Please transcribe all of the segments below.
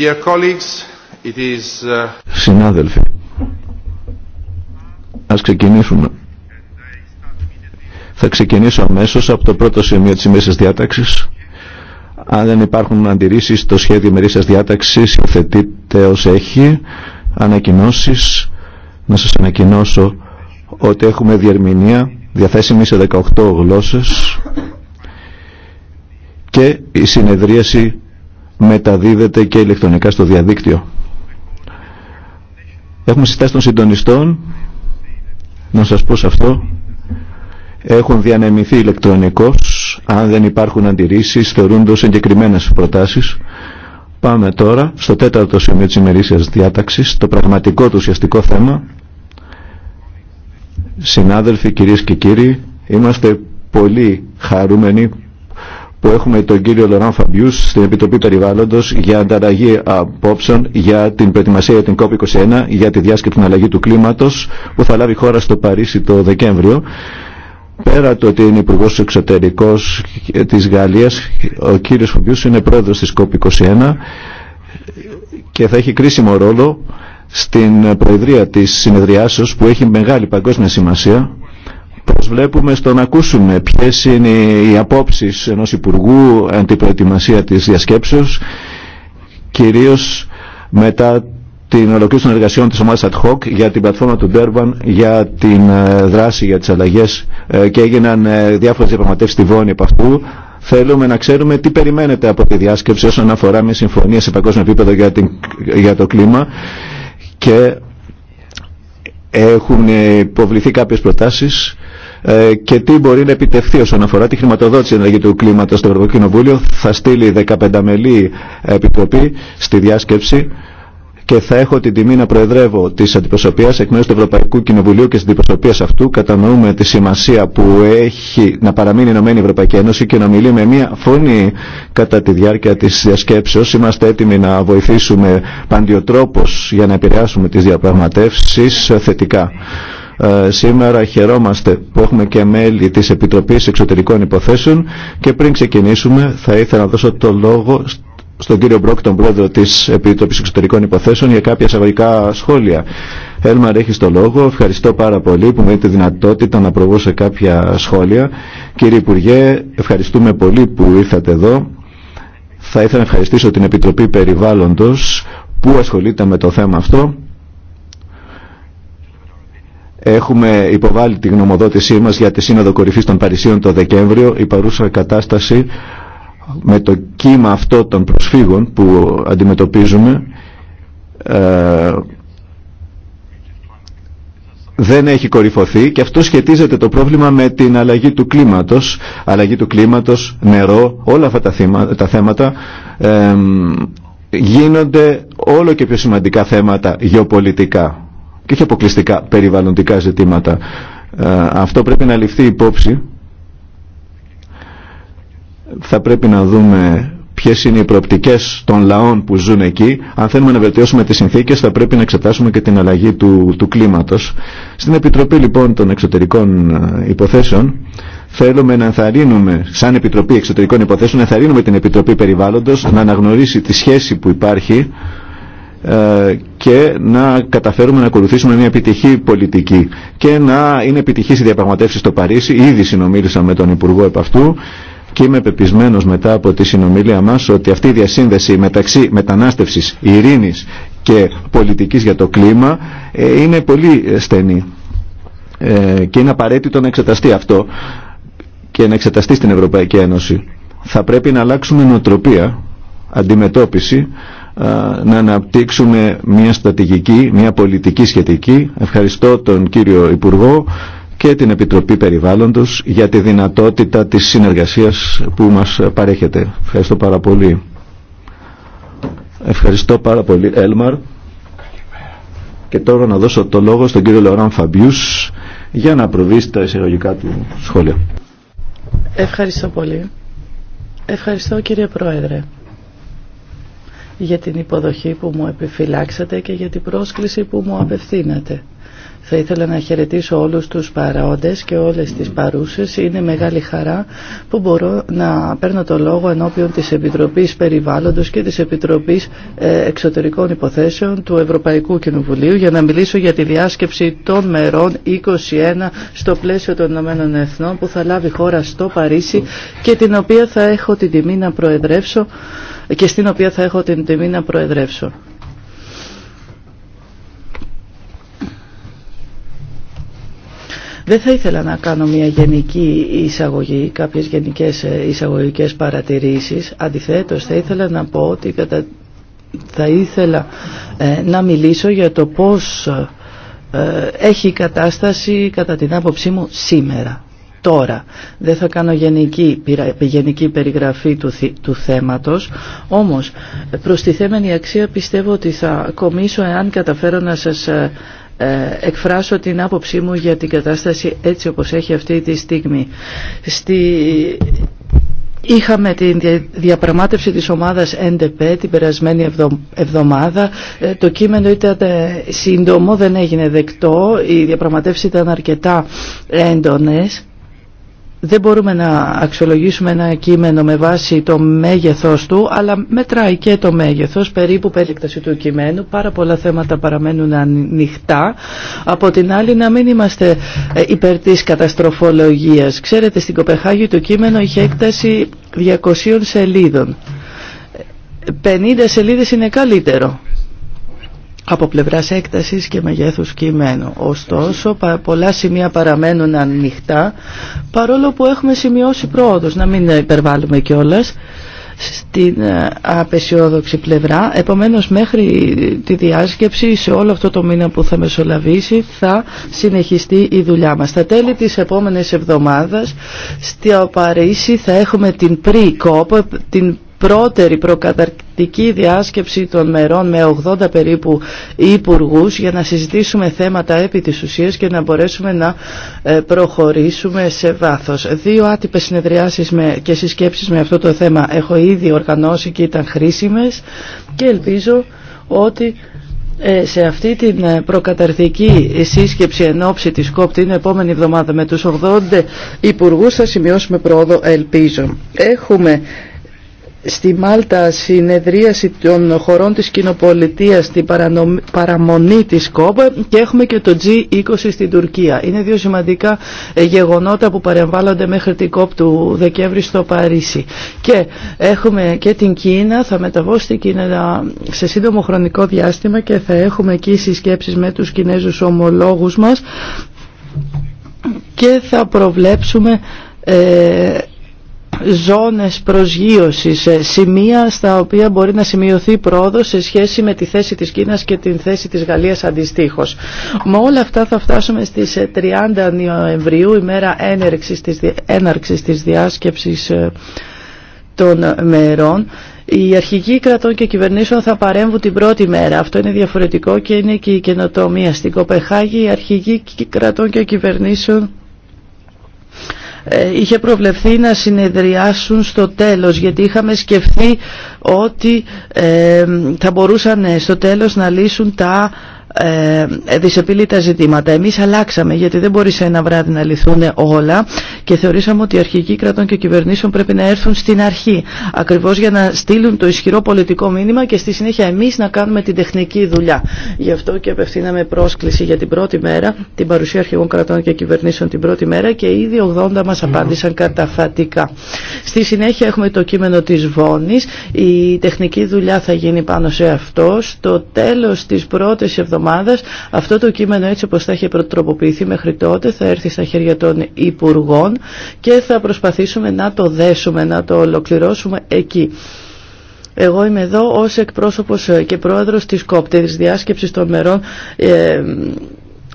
Uh, Συνάδελφοι, ας ξεκινήσουμε. Θα ξεκινήσω αμέσως από το πρώτο σημείο της ημέρας διάταξης. Αν δεν υπάρχουν αντιρρήσεις, στο σχέδιο ημερήσιας διάταξης υιοθετείται ως έχει ανακοινώσεις. Να σας ανακοινώσω ότι έχουμε διερμηνία διαθέσιμη σε 18 γλώσσες και η συνεδρίαση μεταδίδεται και ηλεκτρονικά στο διαδίκτυο. Έχουμε συστάσει των συντονιστών, να σας πω σε αυτό, έχουν διανεμηθεί ηλεκτρονικώς, αν δεν υπάρχουν αντιρρήσεις, θεωρούνται ως εγκεκριμένες προτάσεις. Πάμε τώρα στο τέταρτο σημείο της ημερήσιας διάταξης, το πραγματικό του ουσιαστικό θέμα. Συνάδελφοι, κυρίες και κύριοι, είμαστε πολύ χαρούμενοι που έχουμε τον κύριο Λοράν Φαμπιού, στην Επιτροπή περιβάλλοντο για ανταλλαγή απόψεων για την προετοιμασία για την COP21 για τη διάσκεψη την αλλαγή του κλίματος που θα λάβει χώρα στο Παρίσι το Δεκέμβριο. Πέρα το ότι είναι υπουργό εξωτερικό της Γαλλίας, ο κύριος Φαμπίου είναι πρόεδρος της COP21 και θα έχει κρίσιμο ρόλο στην προεδρία της συνεδριάσεως που έχει μεγάλη παγκόσμια σημασία βλέπουμε στο να ακούσουμε ποιε είναι οι απόψει ενός Υπουργού αντιπροετοιμασία τη προετοιμασία της κυρίως μετά την ολοκλήρωση των εργασιών της ομάδας ad hoc για την πλατφόρμα του Durban για την ε, δράση για τις αλλαγέ ε, και έγιναν ε, διάφορες διαπραγματεύσει στη Βόνη από αυτού. Θέλουμε να ξέρουμε τι περιμένετε από τη διάσκεψη όσον αφορά μια συμφωνία σε παγκόσμιο επίπεδο για, την, για το κλίμα και έχουν υποβληθεί κάποιες προτάσεις ε, και τι μπορεί να επιτευχθεί όσον αφορά τη χρηματοδότηση ενέργεια του κλίματο στο Ευρωπαϊκό Κοινοβούλιο. Θα στείλει 15 μελή επιτροπή στη διάσκεψη και θα έχω την τιμή να προεδρεύω τη αντιπροσωπεία εκ μέρου του Ευρωπαϊκού Κοινοβουλίου και τη αντιπροσωπεία αυτού. Κατανοούμε τη σημασία που έχει να παραμείνει η Ευρωπαϊκή Ένωση και να μιλεί με μία φωνή κατά τη διάρκεια τη διασκέψεω. Είμαστε έτοιμοι να βοηθήσουμε παντιοτρόπω για να επηρεάσουμε τι διαπραγματεύσει θετικά. Ε, σήμερα χαιρόμαστε που έχουμε και μέλη της Επιτροπής Εξωτερικών Υποθέσεων και πριν ξεκινήσουμε θα ήθελα να δώσω το λόγο στον κύριο Μπρόκ, τον πρόεδρο της Επιτροπής Εξωτερικών Υποθέσεων για κάποια εισαγωγικά σχόλια. Έλμαρ, έχει το λόγο. Ευχαριστώ πάρα πολύ που μου δίνετε δυνατότητα να προβώ σε κάποια σχόλια. Κύριε Υπουργέ, ευχαριστούμε πολύ που ήρθατε εδώ. Θα ήθελα να ευχαριστήσω την Επιτροπή Περιβάλλοντος που ασχολείται με το θέμα αυτό Έχουμε υποβάλει τη γνωμοδότησή μας για τη Σύνοδο Κορυφής των Παρισίων το Δεκέμβριο. Η παρούσα κατάσταση με το κύμα αυτό των προσφύγων που αντιμετωπίζουμε ε, δεν έχει κορυφωθεί και αυτό σχετίζεται το πρόβλημα με την αλλαγή του κλίματος, αλλαγή του κλίματος, νερό, όλα αυτά τα, θέματα ε, γίνονται όλο και πιο σημαντικά θέματα γεωπολιτικά και όχι αποκλειστικά περιβαλλοντικά ζητήματα. Ε, αυτό πρέπει να ληφθεί υπόψη. Θα πρέπει να δούμε ποιε είναι οι προοπτικέ των λαών που ζουν εκεί. Αν θέλουμε να βελτιώσουμε τι συνθήκε, θα πρέπει να εξετάσουμε και την αλλαγή του, του κλίματο. Στην Επιτροπή λοιπόν των Εξωτερικών ε, Υποθέσεων, θέλουμε να ενθαρρύνουμε, σαν Επιτροπή Εξωτερικών Υποθέσεων, να ενθαρρύνουμε την Επιτροπή Περιβάλλοντο να αναγνωρίσει τη σχέση που υπάρχει ε, και να καταφέρουμε να ακολουθήσουμε μια επιτυχή πολιτική και να είναι επιτυχή η διαπραγματεύση στο Παρίσι. Ήδη συνομίλησα με τον Υπουργό επ' αυτού και είμαι πεπισμένος μετά από τη συνομιλία μας ότι αυτή η διασύνδεση μεταξύ μετανάστευσης, ειρήνης και πολιτικής για το κλίμα ε, είναι πολύ στενή ε, και είναι απαραίτητο να εξεταστεί αυτό και να εξεταστεί στην Ευρωπαϊκή Ένωση. Θα πρέπει να αλλάξουμε νοοτροπία, αντιμετώπιση να αναπτύξουμε μια στρατηγική, μια πολιτική σχετική. Ευχαριστώ τον κύριο Υπουργό και την Επιτροπή Περιβάλλοντος για τη δυνατότητα της συνεργασίας που μας παρέχεται. Ευχαριστώ πάρα πολύ. Ευχαριστώ πάρα πολύ, Έλμαρ. Και τώρα να δώσω το λόγο στον κύριο Λεωράν Φαμπιούς για να προβεί στα εισαγωγικά του σχόλια. Ευχαριστώ πολύ. Ευχαριστώ κύριε Πρόεδρε για την υποδοχή που μου επιφυλάξατε και για την πρόσκληση που μου απευθύνατε. Θα ήθελα να χαιρετήσω όλους τους παραόντες και όλες τις παρούσες. Είναι μεγάλη χαρά που μπορώ να παίρνω το λόγο ενώπιον της Επιτροπής Περιβάλλοντος και της Επιτροπής ε, Εξωτερικών Υποθέσεων του Ευρωπαϊκού Κοινοβουλίου για να μιλήσω για τη διάσκεψη των μερών 21 στο πλαίσιο των Ηνωμένων Εθνών που θα λάβει χώρα στο Παρίσι και την οποία θα έχω την τιμή να προεδρεύσω και στην οποία θα έχω την τιμή να προεδρεύσω. Δεν θα ήθελα να κάνω μια γενική εισαγωγή, κάποιες γενικές ε, εισαγωγικές παρατηρήσεις. Αντιθέτως, θα ήθελα να πω ότι θα ήθελα ε, να μιλήσω για το πώς ε, έχει η κατάσταση, κατά την άποψή μου, σήμερα τώρα. Δεν θα κάνω γενική, περιγραφή του, του θέματος, όμως θέμενη αξία πιστεύω ότι θα κομίσω εάν καταφέρω να σας ε, ε, εκφράσω την άποψή μου για την κατάσταση έτσι όπως έχει αυτή τη στιγμή. Στη... Είχαμε την διαπραγμάτευση της ομάδας NDP την περασμένη εβδομάδα. Ε, το κείμενο ήταν σύντομο, δεν έγινε δεκτό. Η διαπραγματεύση ήταν αρκετά έντονες δεν μπορούμε να αξιολογήσουμε ένα κείμενο με βάση το μέγεθός του, αλλά μετράει και το μέγεθος, περίπου περίκταση του κειμένου. Πάρα πολλά θέματα παραμένουν ανοιχτά. Από την άλλη να μην είμαστε ε, υπέρ της καταστροφολογίας. Ξέρετε, στην Κοπεχάγη το κείμενο είχε έκταση 200 σελίδων. 50 ε, σελίδες είναι καλύτερο από πλευράς έκτασης και μεγέθους κειμένου. Ωστόσο, πολλά σημεία παραμένουν ανοιχτά, παρόλο που έχουμε σημειώσει πρόοδος, να μην υπερβάλλουμε κιόλας στην ε, απεσιόδοξη πλευρά. Επομένως μέχρι τη διάσκεψη σε όλο αυτό το μήνα που θα μεσολαβήσει θα συνεχιστεί η δουλειά μας. Στα τέλη της επόμενης εβδομάδας στη Παρίσι θα έχουμε την pre-COP, την πρώτερη προκαταρκτική διάσκεψη των μερών με 80 περίπου υπουργούς για να συζητήσουμε θέματα επί της ουσίας και να μπορέσουμε να ε, προχωρήσουμε σε βάθος. Δύο άτυπες συνεδριάσεις και συσκέψεις με αυτό το θέμα έχω ήδη οργανώσει και ήταν χρήσιμες και ελπίζω ότι ε, σε αυτή την ε, προκαταρκτική σύσκεψη εν ώψη της ΚΟΠ την επόμενη εβδομάδα με τους 80 υπουργούς θα σημειώσουμε πρόοδο ελπίζω. Έχουμε στη Μάλτα συνεδρίαση των χωρών της κοινοπολιτείας στην παραμονή της ΚΟΠ και έχουμε και το G20 στην Τουρκία. Είναι δύο σημαντικά ε, γεγονότα που παρεμβάλλονται μέχρι την ΚΟΠ του Δεκέμβρη στο Παρίσι. Και έχουμε και την Κίνα, θα μεταβώ στην Κίνα σε σύντομο χρονικό διάστημα και θα έχουμε εκεί συσκέψεις με τους Κινέζους ομολόγους μας και θα προβλέψουμε ε, ζώνες προσγείωσης, ε, σημεία στα οποία μπορεί να σημειωθεί πρόοδος σε σχέση με τη θέση της Κίνας και την θέση της Γαλλίας αντιστοίχως. Με όλα αυτά θα φτάσουμε στις 30 ε, Νοεμβρίου, Η έναρξης της, έναρξης της διάσκεψης ε, των μερών. Οι αρχηγοί κρατών και κυβερνήσεων θα παρέμβουν την πρώτη μέρα. Αυτό είναι διαφορετικό και είναι και η καινοτομία. Στην Κοπεχάγη οι αρχηγοί κρατών και κυβερνήσεων ε, είχε προβλεφθεί να συνεδριάσουν στο τέλος γιατί είχαμε σκεφτεί ότι ε, θα μπορούσαν ε, στο τέλος να λύσουν τα ε, τα ζητήματα. Εμείς αλλάξαμε γιατί δεν μπορεί σε ένα βράδυ να λυθούν όλα και θεωρήσαμε ότι οι αρχικοί κρατών και κυβερνήσεων πρέπει να έρθουν στην αρχή ακριβώς για να στείλουν το ισχυρό πολιτικό μήνυμα και στη συνέχεια εμείς να κάνουμε την τεχνική δουλειά. Γι' αυτό και απευθύναμε πρόσκληση για την πρώτη μέρα, την παρουσία αρχηγών κρατών και κυβερνήσεων την πρώτη μέρα και ήδη 80 μας απάντησαν καταφατικά. Στη συνέχεια έχουμε το κείμενο της Βόνης, η τεχνική δουλειά θα γίνει πάνω σε αυτό. Στο τέλος της πρώτης εβδομάδας αυτό το κείμενο έτσι όπω θα έχει προτροποποιηθεί μέχρι τότε θα έρθει στα χέρια των Υπουργών και θα προσπαθήσουμε να το δέσουμε, να το ολοκληρώσουμε εκεί. Εγώ είμαι εδώ ως εκπρόσωπος και πρόεδρος της ΚΟΠΤΕ, τη διάσκεψης των μερών ε,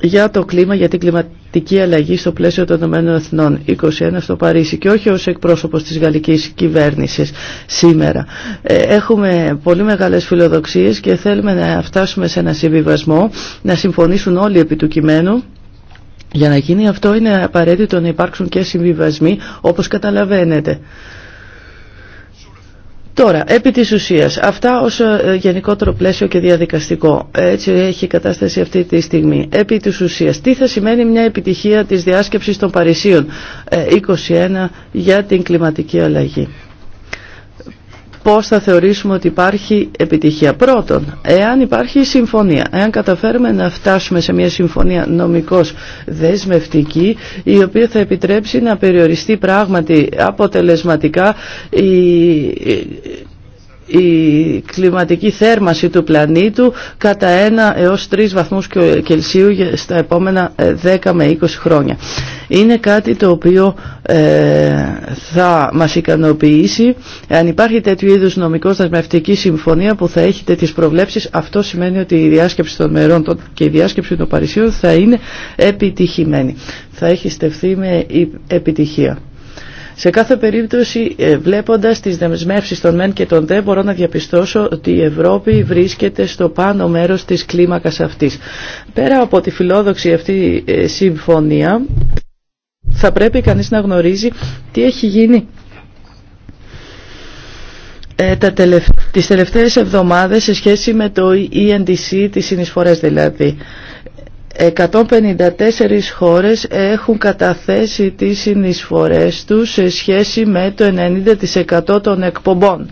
για το κλίμα, για την κλιματική κλιματική αλλαγή στο πλαίσιο των Ηνωμένων Εθνών 21 στο Παρίσι και όχι ως εκπρόσωπος της γαλλικής κυβέρνησης σήμερα. Ε, έχουμε πολύ μεγάλες φιλοδοξίες και θέλουμε να φτάσουμε σε ένα συμβιβασμό, να συμφωνήσουν όλοι επί του κειμένου για να γίνει αυτό είναι απαραίτητο να υπάρξουν και συμβιβασμοί όπως καταλαβαίνετε. Τώρα, επί της ουσίας, αυτά ως ε, γενικότερο πλαίσιο και διαδικαστικό. Έτσι έχει η κατάσταση αυτή τη στιγμή. Επί της ουσίας, τι θα σημαίνει μια επιτυχία της διάσκεψης των Παρισίων 21 ε, για την κλιματική αλλαγή πώς θα θεωρήσουμε ότι υπάρχει επιτυχία. Πρώτον, εάν υπάρχει συμφωνία, εάν καταφέρουμε να φτάσουμε σε μια συμφωνία νομικώς δεσμευτική, η οποία θα επιτρέψει να περιοριστεί πράγματι αποτελεσματικά η η κλιματική θέρμαση του πλανήτου κατά 1 έως 3 βαθμούς Κελσίου στα επόμενα 10 ε, με 20 χρόνια. Είναι κάτι το οποίο ε, θα μας ικανοποιήσει. Αν υπάρχει τέτοιου είδους νομικός δασμευτική συμφωνία που θα έχει τέτοιες προβλέψεις, αυτό σημαίνει ότι η διάσκεψη των μερών και η διάσκεψη των Παρισίων θα είναι επιτυχημένη. Θα έχει στεφθεί με επιτυχία. Σε κάθε περίπτωση ε, βλέποντας τις δεσμεύσεις των ΜΕΝ και των ΔΕ μπορώ να διαπιστώσω ότι η Ευρώπη βρίσκεται στο πάνω μέρος της κλίμακας αυτής. Πέρα από τη φιλόδοξη αυτή ε, συμφωνία θα πρέπει κανείς να γνωρίζει τι έχει γίνει ε, τα τελευ... τις τελευταίες εβδομάδες σε σχέση με το ENDC, τις συνεισφορές δηλαδή. 154 χώρες έχουν καταθέσει τις συνεισφορές τους σε σχέση με το 90% των εκπομπών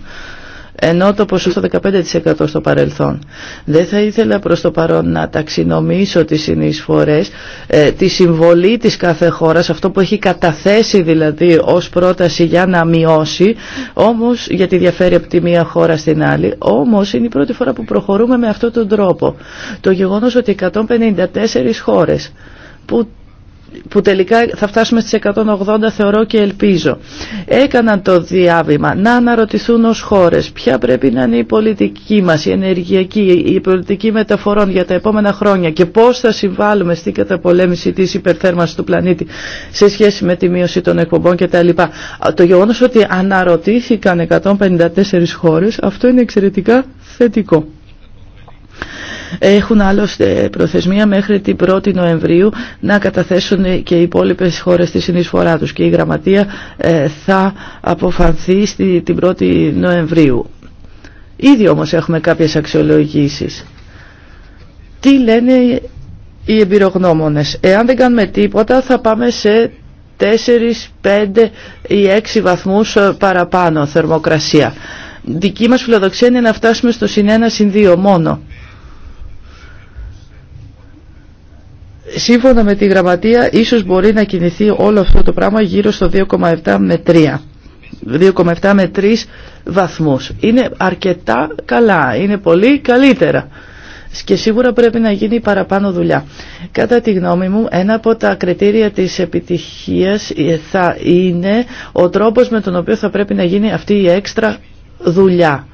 ενώ το ποσοστό 15% στο παρελθόν. Δεν θα ήθελα προς το παρόν να ταξινομήσω τις συνεισφορές, ε, τη συμβολή της κάθε χώρας, αυτό που έχει καταθέσει δηλαδή ως πρόταση για να μειώσει, όμως γιατί διαφέρει από τη μία χώρα στην άλλη, όμως είναι η πρώτη φορά που προχωρούμε με αυτόν τον τρόπο. Το γεγονός ότι 154 χώρες που που τελικά θα φτάσουμε στις 180 θεωρώ και ελπίζω. Έκαναν το διάβημα να αναρωτηθούν ως χώρες ποια πρέπει να είναι η πολιτική μας, η ενεργειακή, η πολιτική μεταφορών για τα επόμενα χρόνια και πώς θα συμβάλλουμε στην καταπολέμηση της υπερθέρμανσης του πλανήτη σε σχέση με τη μείωση των εκπομπών κτλ. Το γεγονός ότι αναρωτήθηκαν 154 χώρες αυτό είναι εξαιρετικά θετικό. Έχουν άλλωστε προθεσμία μέχρι την 1η Νοεμβρίου να καταθέσουν και οι υπόλοιπε χώρε τη συνεισφορά του και η Γραμματεία ε, θα αποφανθεί την 1η Νοεμβρίου. Ήδη όμω έχουμε κάποιε αξιολογήσει. Τι λένε οι εμπειρογνώμονε. Εάν δεν κάνουμε τίποτα θα πάμε σε 4, 5 ή 6 βαθμούς ε, παραπάνω θερμοκρασία. Δική μας φιλοδοξία είναι να φτάσουμε στο συν 1, 2 μόνο. σύμφωνα με τη γραμματεία ίσως μπορεί να κινηθεί όλο αυτό το πράγμα γύρω στο 2,7 με 3. 2,7 με βαθμούς. Είναι αρκετά καλά, είναι πολύ καλύτερα και σίγουρα πρέπει να γίνει παραπάνω δουλειά. Κατά τη γνώμη μου, ένα από τα κριτήρια της επιτυχίας ε, θα είναι ο τρόπος με τον οποίο θα πρέπει να γίνει αυτή η έξτρα δουλειά.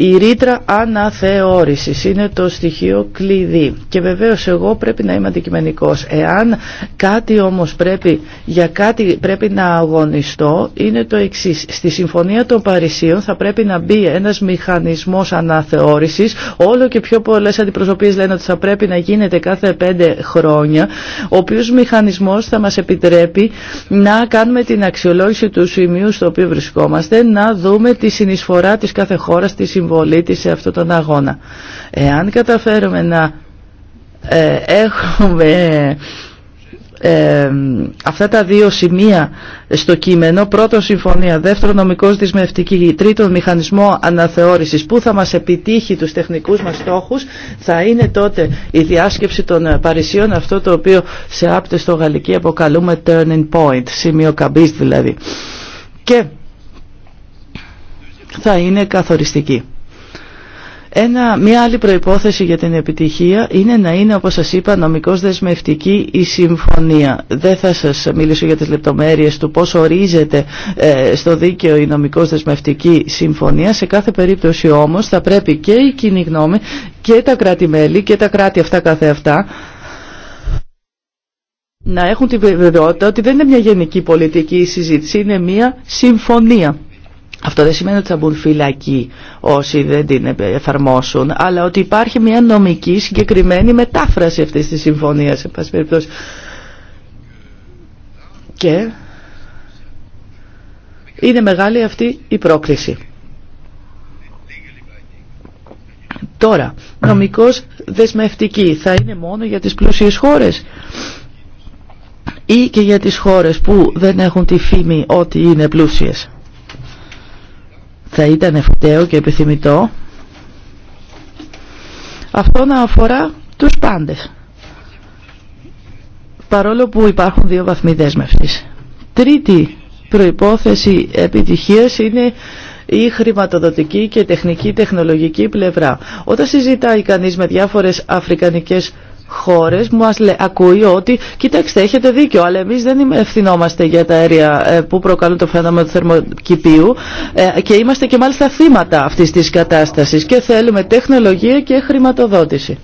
Η ρήτρα αναθεώρησης είναι το στοιχείο κλειδί και βεβαίως εγώ πρέπει να είμαι αντικειμενικός. Εάν κάτι όμως πρέπει, για κάτι πρέπει να αγωνιστώ είναι το εξή. Στη Συμφωνία των Παρισίων θα πρέπει να μπει ένας μηχανισμός αναθεώρησης. Όλο και πιο πολλές αντιπροσωπείες λένε ότι θα πρέπει να γίνεται κάθε πέντε χρόνια, ο οποίο μηχανισμός θα μας επιτρέπει να κάνουμε την αξιολόγηση του σημείου στο οποίο βρισκόμαστε, να δούμε τη συνεισφορά της κάθε χώρας, τη συμβολή της σε αυτόν τον αγώνα. Εάν καταφέρουμε να ε, έχουμε ε, αυτά τα δύο σημεία στο κείμενο, πρώτον συμφωνία, δεύτερον νομικός δυσμευτική, τρίτον μηχανισμό αναθεώρησης που θα μας επιτύχει τους τεχνικούς μας στόχους, θα είναι τότε η διάσκεψη των Παρισίων, αυτό το οποίο σε άπτες στο γαλλική αποκαλούμε turning point, σημείο καμπής δηλαδή. Και θα είναι καθοριστική. Ένα, μια άλλη προϋπόθεση για την επιτυχία είναι να είναι, όπως σας είπα, νομικώς δεσμευτική η συμφωνία. Δεν θα σας μιλήσω για τις λεπτομέρειες του πώς ορίζεται ε, στο δίκαιο η νομικώς δεσμευτική συμφωνία. Σε κάθε περίπτωση όμως θα πρέπει και η κοινή γνώμη και τα κράτη-μέλη και τα κράτη αυτά αυτά να έχουν τη βεβαιότητα ότι δεν είναι μια γενική πολιτική συζήτηση, είναι μια συμφωνία. Αυτό δεν σημαίνει ότι θα μπουν φυλακοί όσοι δεν την εφαρμόσουν, αλλά ότι υπάρχει μια νομική συγκεκριμένη μετάφραση αυτής της συμφωνίας, Και είναι μεγάλη αυτή η πρόκληση. Τώρα, νομικός δεσμευτική θα είναι μόνο για τις πλούσιες χώρες ή και για τις χώρες που δεν έχουν τη φήμη ότι είναι πλούσιες θα ήταν ευκταίο και επιθυμητό αυτό να αφορά τους πάντες παρόλο που υπάρχουν δύο βαθμοί δέσμευσης. Τρίτη προϋπόθεση επιτυχίας είναι η χρηματοδοτική και τεχνική τεχνολογική πλευρά. Όταν συζητάει κανείς με διάφορες αφρικανικές χώρες μας λέ, ακούει ότι κοιτάξτε έχετε δίκιο αλλά εμείς δεν ευθυνόμαστε για τα αέρια ε, που προκαλούν το φαινόμενο του θερμοκηπίου ε, και είμαστε και μάλιστα θύματα αυτής της κατάστασης και θέλουμε τεχνολογία και χρηματοδότηση.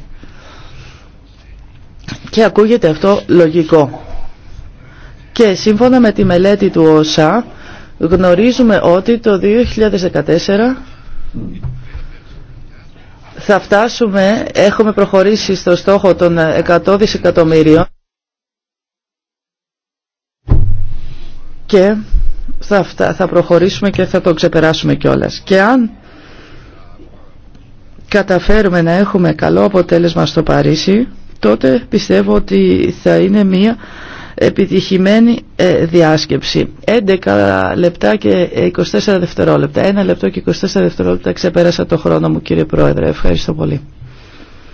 Και ακούγεται αυτό λογικό. Και σύμφωνα με τη μελέτη του ΩΣΑ γνωρίζουμε ότι το 2014 θα φτάσουμε, έχουμε προχωρήσει στο στόχο των 100 ε, δισεκατομμύριων και θα, θα προχωρήσουμε και θα το ξεπεράσουμε κιόλα. Και αν καταφέρουμε να έχουμε καλό αποτέλεσμα στο Παρίσι, τότε πιστεύω ότι θα είναι μία επιτυχημένη ε, διάσκεψη. 11 λεπτά και 24 ε, δευτερόλεπτα. 1 λεπτό και 24 δευτερόλεπτα ξεπέρασα το χρόνο μου κύριε Πρόεδρε. Ευχαριστώ πολύ.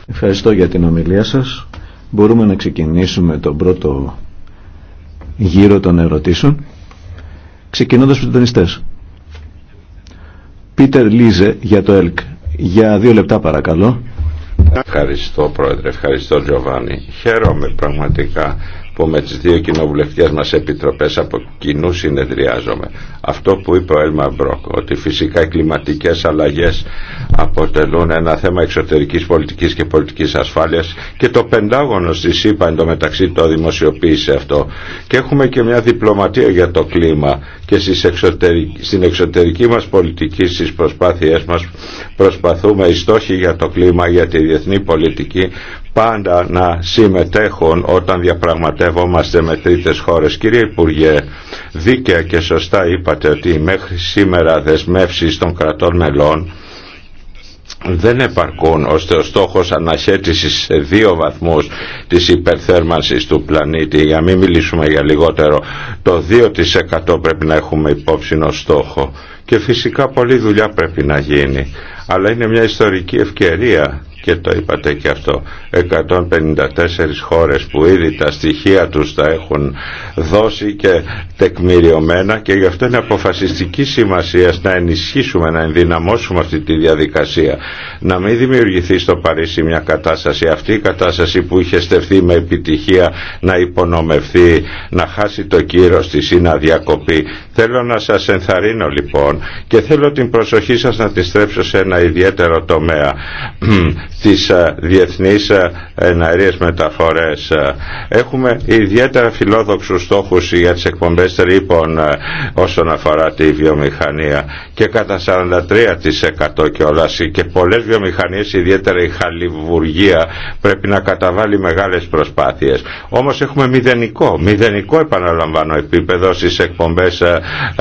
Ευχαριστώ για την ομιλία σας. Μπορούμε να ξεκινήσουμε τον πρώτο γύρο των ερωτήσεων. Ξεκινώντας με τον τονιστές. Πίτερ Λίζε για το ΕΛΚ. Για δύο λεπτά παρακαλώ. Ευχαριστώ Πρόεδρε, ευχαριστώ Τζοβάνι. Χαίρομαι πραγματικά που με τις δύο κοινοβουλευτικές μας επιτροπές από κοινού συνεδριάζομαι. Αυτό που είπε ο Έλμα Μπρόκ, ότι φυσικά οι κλιματικές αλλαγές αποτελούν ένα θέμα εξωτερικής πολιτικής και πολιτικής ασφάλειας και το πεντάγωνο στη ΣΥΠΑ μεταξύ το δημοσιοποίησε αυτό. Και έχουμε και μια διπλωματία για το κλίμα και στην εξωτερική μας πολιτική στις προσπάθειές μας προσπαθούμε οι στόχοι για το κλίμα, για τη διεθνή πολιτική πάντα να συμμετέχουν όταν διαπραγματεύομαστε με τρίτες χώρες. Κύριε Υπουργέ, δίκαια και σωστά είπατε ότι μέχρι σήμερα δεσμεύσεις των κρατών μελών δεν επαρκούν ώστε ο στόχος αναχέτησης σε δύο βαθμούς της υπερθέρμανσης του πλανήτη για μην μιλήσουμε για λιγότερο το 2% πρέπει να έχουμε υπόψη στόχο και φυσικά πολλή δουλειά πρέπει να γίνει αλλά είναι μια ιστορική ευκαιρία και το είπατε και αυτό 154 χώρες που ήδη τα στοιχεία τους τα έχουν δώσει και τεκμηριωμένα και γι' αυτό είναι αποφασιστική σημασία να ενισχύσουμε, να ενδυναμώσουμε αυτή τη διαδικασία να μην δημιουργηθεί στο Παρίσι μια κατάσταση αυτή η κατάσταση που είχε στεφθεί με επιτυχία να υπονομευθεί να χάσει το κύρος της ή να διακοπεί θέλω να σας ενθαρρύνω λοιπόν και θέλω την προσοχή σας να τη στρέψω σε ένα ιδιαίτερο τομέα στις ε, διεθνείς ε, εναρίες μεταφορές. Ε, έχουμε ιδιαίτερα φιλόδοξους στόχους για τις εκπομπές τρύπων όσον αφορά τη βιομηχανία και κατά 43% όλα και πολλές βιομηχανίες ιδιαίτερα η χαλιβουργία πρέπει να καταβάλει μεγάλες προσπάθειες. Όμως έχουμε μηδενικό, μηδενικό επαναλαμβάνω επίπεδο στις εκπομπές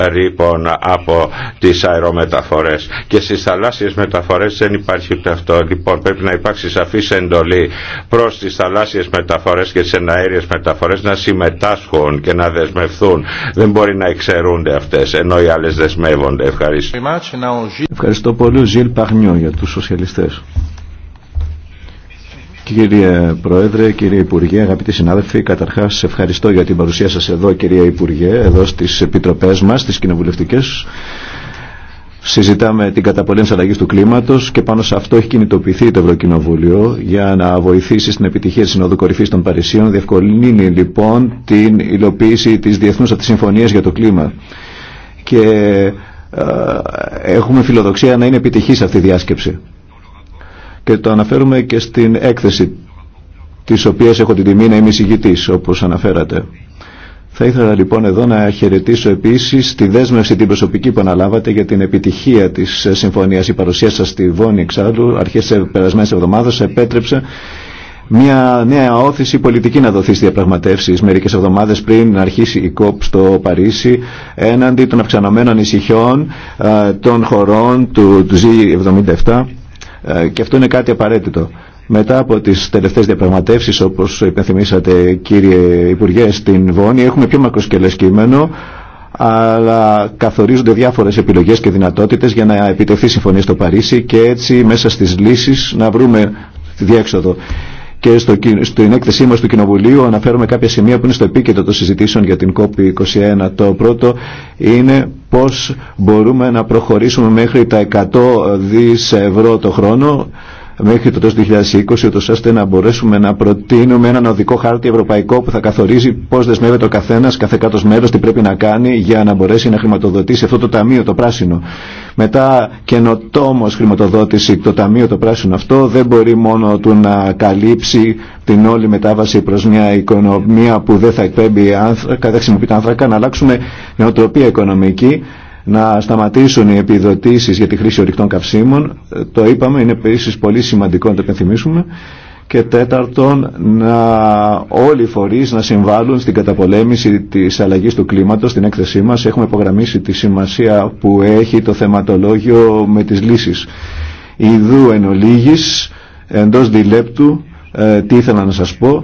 ρήπων από τις αερομεταφορές και στις θαλάσσιες μεταφορές δεν υπάρχει ούτε αυτό. Λοιπόν πρέπει να υπάρξει σαφή εντολή προς τις θαλάσσιες μεταφορές και τις εναέριες μεταφορές να συμμετάσχουν και να δεσμευθούν. Δεν μπορεί να εξαιρούνται αυτές, ενώ οι άλλες δεσμεύονται. Ευχαριστώ. Ευχαριστώ πολύ, Ζιλ Παγνιό, για τους σοσιαλιστές. Κύριε Πρόεδρε, κύριε Υπουργέ, αγαπητοί συνάδελφοι, καταρχά ευχαριστώ για την παρουσία σα εδώ, κυρία Υπουργέ, εδώ στι επιτροπέ μα, στι κοινοβουλευτικέ συζητάμε την καταπολέμηση αλλαγή του κλίματο και πάνω σε αυτό έχει κινητοποιηθεί το Ευρωκοινοβούλιο για να βοηθήσει στην επιτυχία τη Συνόδου Κορυφή των Παρισίων. Διευκολύνει λοιπόν την υλοποίηση τη διεθνού τη συμφωνία για το κλίμα. Και ε, έχουμε φιλοδοξία να είναι επιτυχή αυτή η διάσκεψη. Και το αναφέρουμε και στην έκθεση τη οποία έχω την τιμή να είμαι εισηγητή, όπω αναφέρατε. Θα ήθελα λοιπόν εδώ να χαιρετήσω επίσης τη δέσμευση την προσωπική που αναλάβατε για την επιτυχία της συμφωνίας. Η παρουσία σας στη Βόνη εξάλλου αρχές της περασμένης επέτρεψε μια νέα όθηση πολιτική να δοθεί στι διαπραγματεύσει μερικέ εβδομάδε πριν να αρχίσει η ΚΟΠ στο Παρίσι έναντι των αυξανωμένων ησυχιών ε, των χωρών του G77 ε, και αυτό είναι κάτι απαραίτητο. Μετά από τις τελευταίες διαπραγματεύσεις, όπως υπενθυμίσατε κύριε Υπουργέ, στην Βόνη έχουμε πιο μακροσκελές κείμενο, αλλά καθορίζονται διάφορες επιλογές και δυνατότητες για να επιτευχθεί συμφωνία στο Παρίσι και έτσι μέσα στις λύσεις να βρούμε διέξοδο. Και στο, στην έκθεσή μας του Κοινοβουλίου αναφέρουμε κάποια σημεία που είναι στο επίκεντρο των συζητήσεων για την COP21. Το πρώτο είναι πώς μπορούμε να προχωρήσουμε μέχρι τα 100 δις ευρώ το χρόνο μέχρι το τέλο του 2020, ούτως ώστε να μπορέσουμε να προτείνουμε έναν οδικό χάρτη ευρωπαϊκό που θα καθορίζει πώ δεσμεύεται ο καθένα κάθε κάτω μέρος, τι πρέπει να κάνει για να μπορέσει να χρηματοδοτήσει αυτό το ταμείο, το πράσινο. Μετά καινοτόμω χρηματοδότηση, το ταμείο, το πράσινο αυτό, δεν μπορεί μόνο του να καλύψει την όλη μετάβαση προ μια οικονομία που δεν θα εκπέμπει άνθρακα, δεν χρησιμοποιεί άνθρακα, να αλλάξουμε νοοτροπία οικονομική να σταματήσουν οι επιδοτήσεις για τη χρήση ορυκτών καυσίμων. Ε, το είπαμε, είναι επίση πολύ σημαντικό να το επενθυμίσουμε. Και τέταρτον, να όλοι οι φορείς να συμβάλλουν στην καταπολέμηση της αλλαγής του κλίματος στην έκθεσή μας. Έχουμε υπογραμμίσει τη σημασία που έχει το θεματολόγιο με τις λύσεις. Ιδού εν ολίγης, εντός διλέπτου, ε, τι ήθελα να σας πω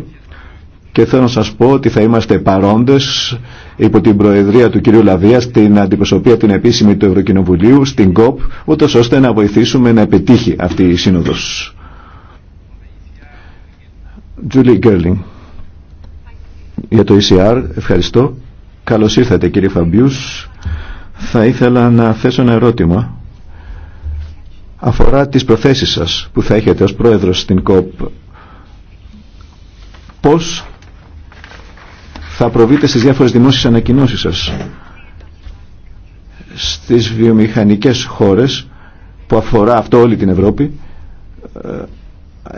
και θέλω να σας πω ότι θα είμαστε παρόντες υπό την προεδρία του κ. Λαβία στην αντιπροσωπεία την επίσημη του Ευρωκοινοβουλίου, στην ΚΟΠ, ούτως ώστε να βοηθήσουμε να επιτύχει αυτή η σύνοδος. Julie Gerling για το ECR, ευχαριστώ. Καλώς ήρθατε κύριε Φαμπιούς. Θα ήθελα να θέσω ένα ερώτημα αφορά τις προθέσεις σας που θα έχετε ως πρόεδρος στην ΚΟΠ. Πώς θα προβείτε στις διάφορες δημόσιες ανακοινώσεις σας στις βιομηχανικές χώρες που αφορά αυτό όλη την Ευρώπη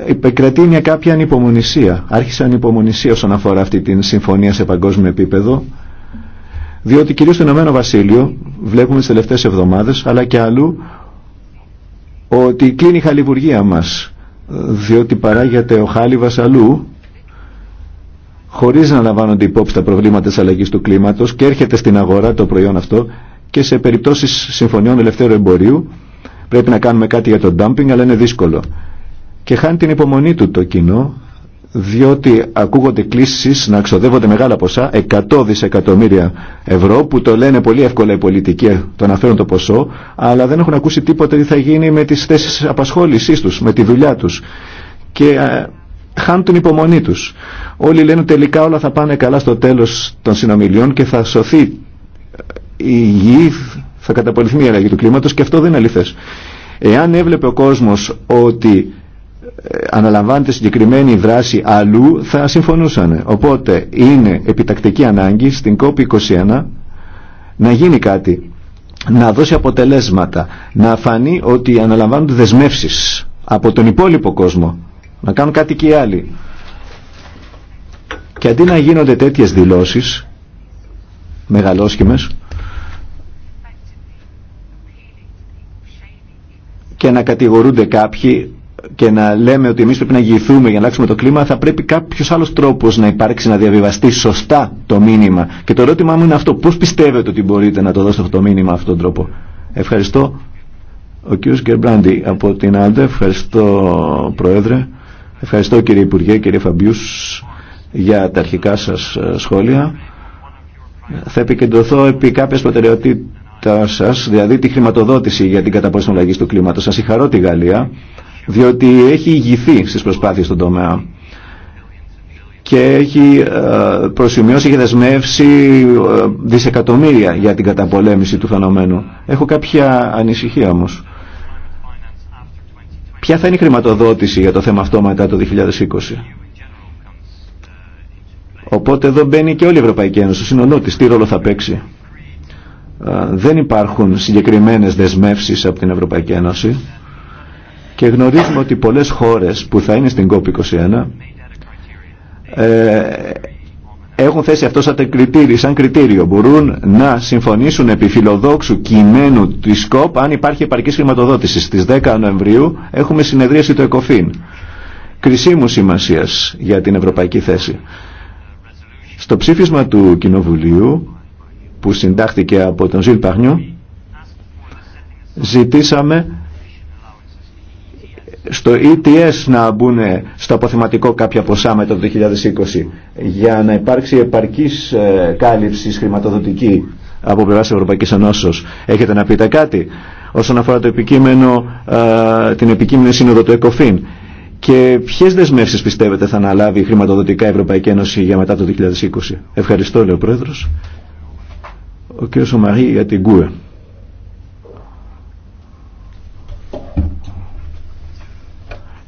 υπεκρατεί ε, μια κάποια ανυπομονησία άρχισε ανυπομονησία όσον αφορά αυτή την συμφωνία σε παγκόσμιο επίπεδο διότι κυρίως στο Ηνωμένο Βασίλειο βλέπουμε τις τελευταίες εβδομάδες αλλά και αλλού ότι κλείνει η χαλιβουργία μας διότι παράγεται ο χάλιβας αλλού χωρίς να λαμβάνονται υπόψη τα προβλήματα της αλλαγής του κλίματος και έρχεται στην αγορά το προϊόν αυτό και σε περιπτώσεις συμφωνιών ελευθέρου εμπορίου πρέπει να κάνουμε κάτι για το dumping αλλά είναι δύσκολο. Και χάνει την υπομονή του το κοινό διότι ακούγονται κλήσει να ξοδεύονται μεγάλα ποσά, 100 δισεκατομμύρια ευρώ που το λένε πολύ εύκολα οι πολιτικοί, ε, το αναφέρουν το ποσό, αλλά δεν έχουν ακούσει τίποτα τι θα γίνει με τι θέσει απασχόλησή του, με τη δουλειά του. Και ε, χάνουν την υπομονή τους. Όλοι λένε τελικά όλα θα πάνε καλά στο τέλος των συνομιλιών και θα σωθεί ε, η γη, θα καταπολυθεί η αλλαγή του κλίματος και αυτό δεν είναι αληθές. Εάν έβλεπε ο κόσμος ότι ε, αναλαμβάνεται συγκεκριμένη δράση αλλού θα συμφωνούσαν. Οπότε είναι επιτακτική ανάγκη στην COP21 να γίνει κάτι, να δώσει αποτελέσματα, να φανεί ότι αναλαμβάνονται δεσμεύσεις από τον υπόλοιπο κόσμο να κάνουν κάτι και οι άλλοι. Και αντί να γίνονται τέτοιες δηλώσεις μεγαλόσχημες και να κατηγορούνται κάποιοι και να λέμε ότι εμείς πρέπει να γηθούμε για να αλλάξουμε το κλίμα θα πρέπει κάποιος άλλος τρόπος να υπάρξει να διαβιβαστεί σωστά το μήνυμα και το ερώτημά μου είναι αυτό πώς πιστεύετε ότι μπορείτε να το δώσετε αυτό το μήνυμα αυτόν τον τρόπο ευχαριστώ ο κ. Γκερμπράντι από την ΑΝΤΕ ευχαριστώ Πρόεδρε Ευχαριστώ κύριε Υπουργέ, κύριε Φαμπιούς για τα αρχικά σας ε, σχόλια. Θα επικεντρωθώ επί κάποιες προτεραιότητα σας, δηλαδή τη χρηματοδότηση για την καταπολέμηση των του κλίματος. Σας συγχαρώ τη Γαλλία, διότι έχει ηγηθεί στις προσπάθειες στον τομέα και έχει ε, προσημειώσει και δεσμεύσει ε, δισεκατομμύρια για την καταπολέμηση του φαινομένου. Έχω κάποια ανησυχία όμως. Ποια θα είναι η χρηματοδότηση για το θέμα αυτό μετά το 2020. Οπότε εδώ μπαίνει και όλη η Ευρωπαϊκή Ένωση, συνολό της, τι ρόλο θα παίξει. Δεν υπάρχουν συγκεκριμένες δεσμεύσεις από την Ευρωπαϊκή Ένωση και γνωρίζουμε ότι πολλές χώρες που θα είναι στην COP21 έχουν θέσει αυτό σαν κριτήριο, σαν κριτήριο. Μπορούν να συμφωνήσουν επί φιλοδόξου κειμένου τη ΣΚΟΠ αν υπάρχει επαρκή χρηματοδότηση. Στι 10 Νοεμβρίου έχουμε συνεδρίαση του ΕΚΟΦΗΝ. Κρισίμου σημασία για την ευρωπαϊκή θέση. Στο ψήφισμα του Κοινοβουλίου που συντάχθηκε από τον Ζιλ Παγνιού ζητήσαμε στο ETS να μπουν στο αποθηματικό κάποια ποσά μετά το 2020 για να υπάρξει επαρκής ε, κάλυψη χρηματοδοτική από πλευρά Ευρωπαϊκή Ενώσεω. Έχετε να πείτε κάτι όσον αφορά το επικείμενο, ε, την επικείμενη σύνοδο του ΕΚΟΦΗΝ και ποιε δεσμεύσει πιστεύετε θα αναλάβει η χρηματοδοτικά η Ευρωπαϊκή Ένωση για μετά το 2020. Ευχαριστώ, λέει ο Πρόεδρο. Ο κ. Σομαρή για την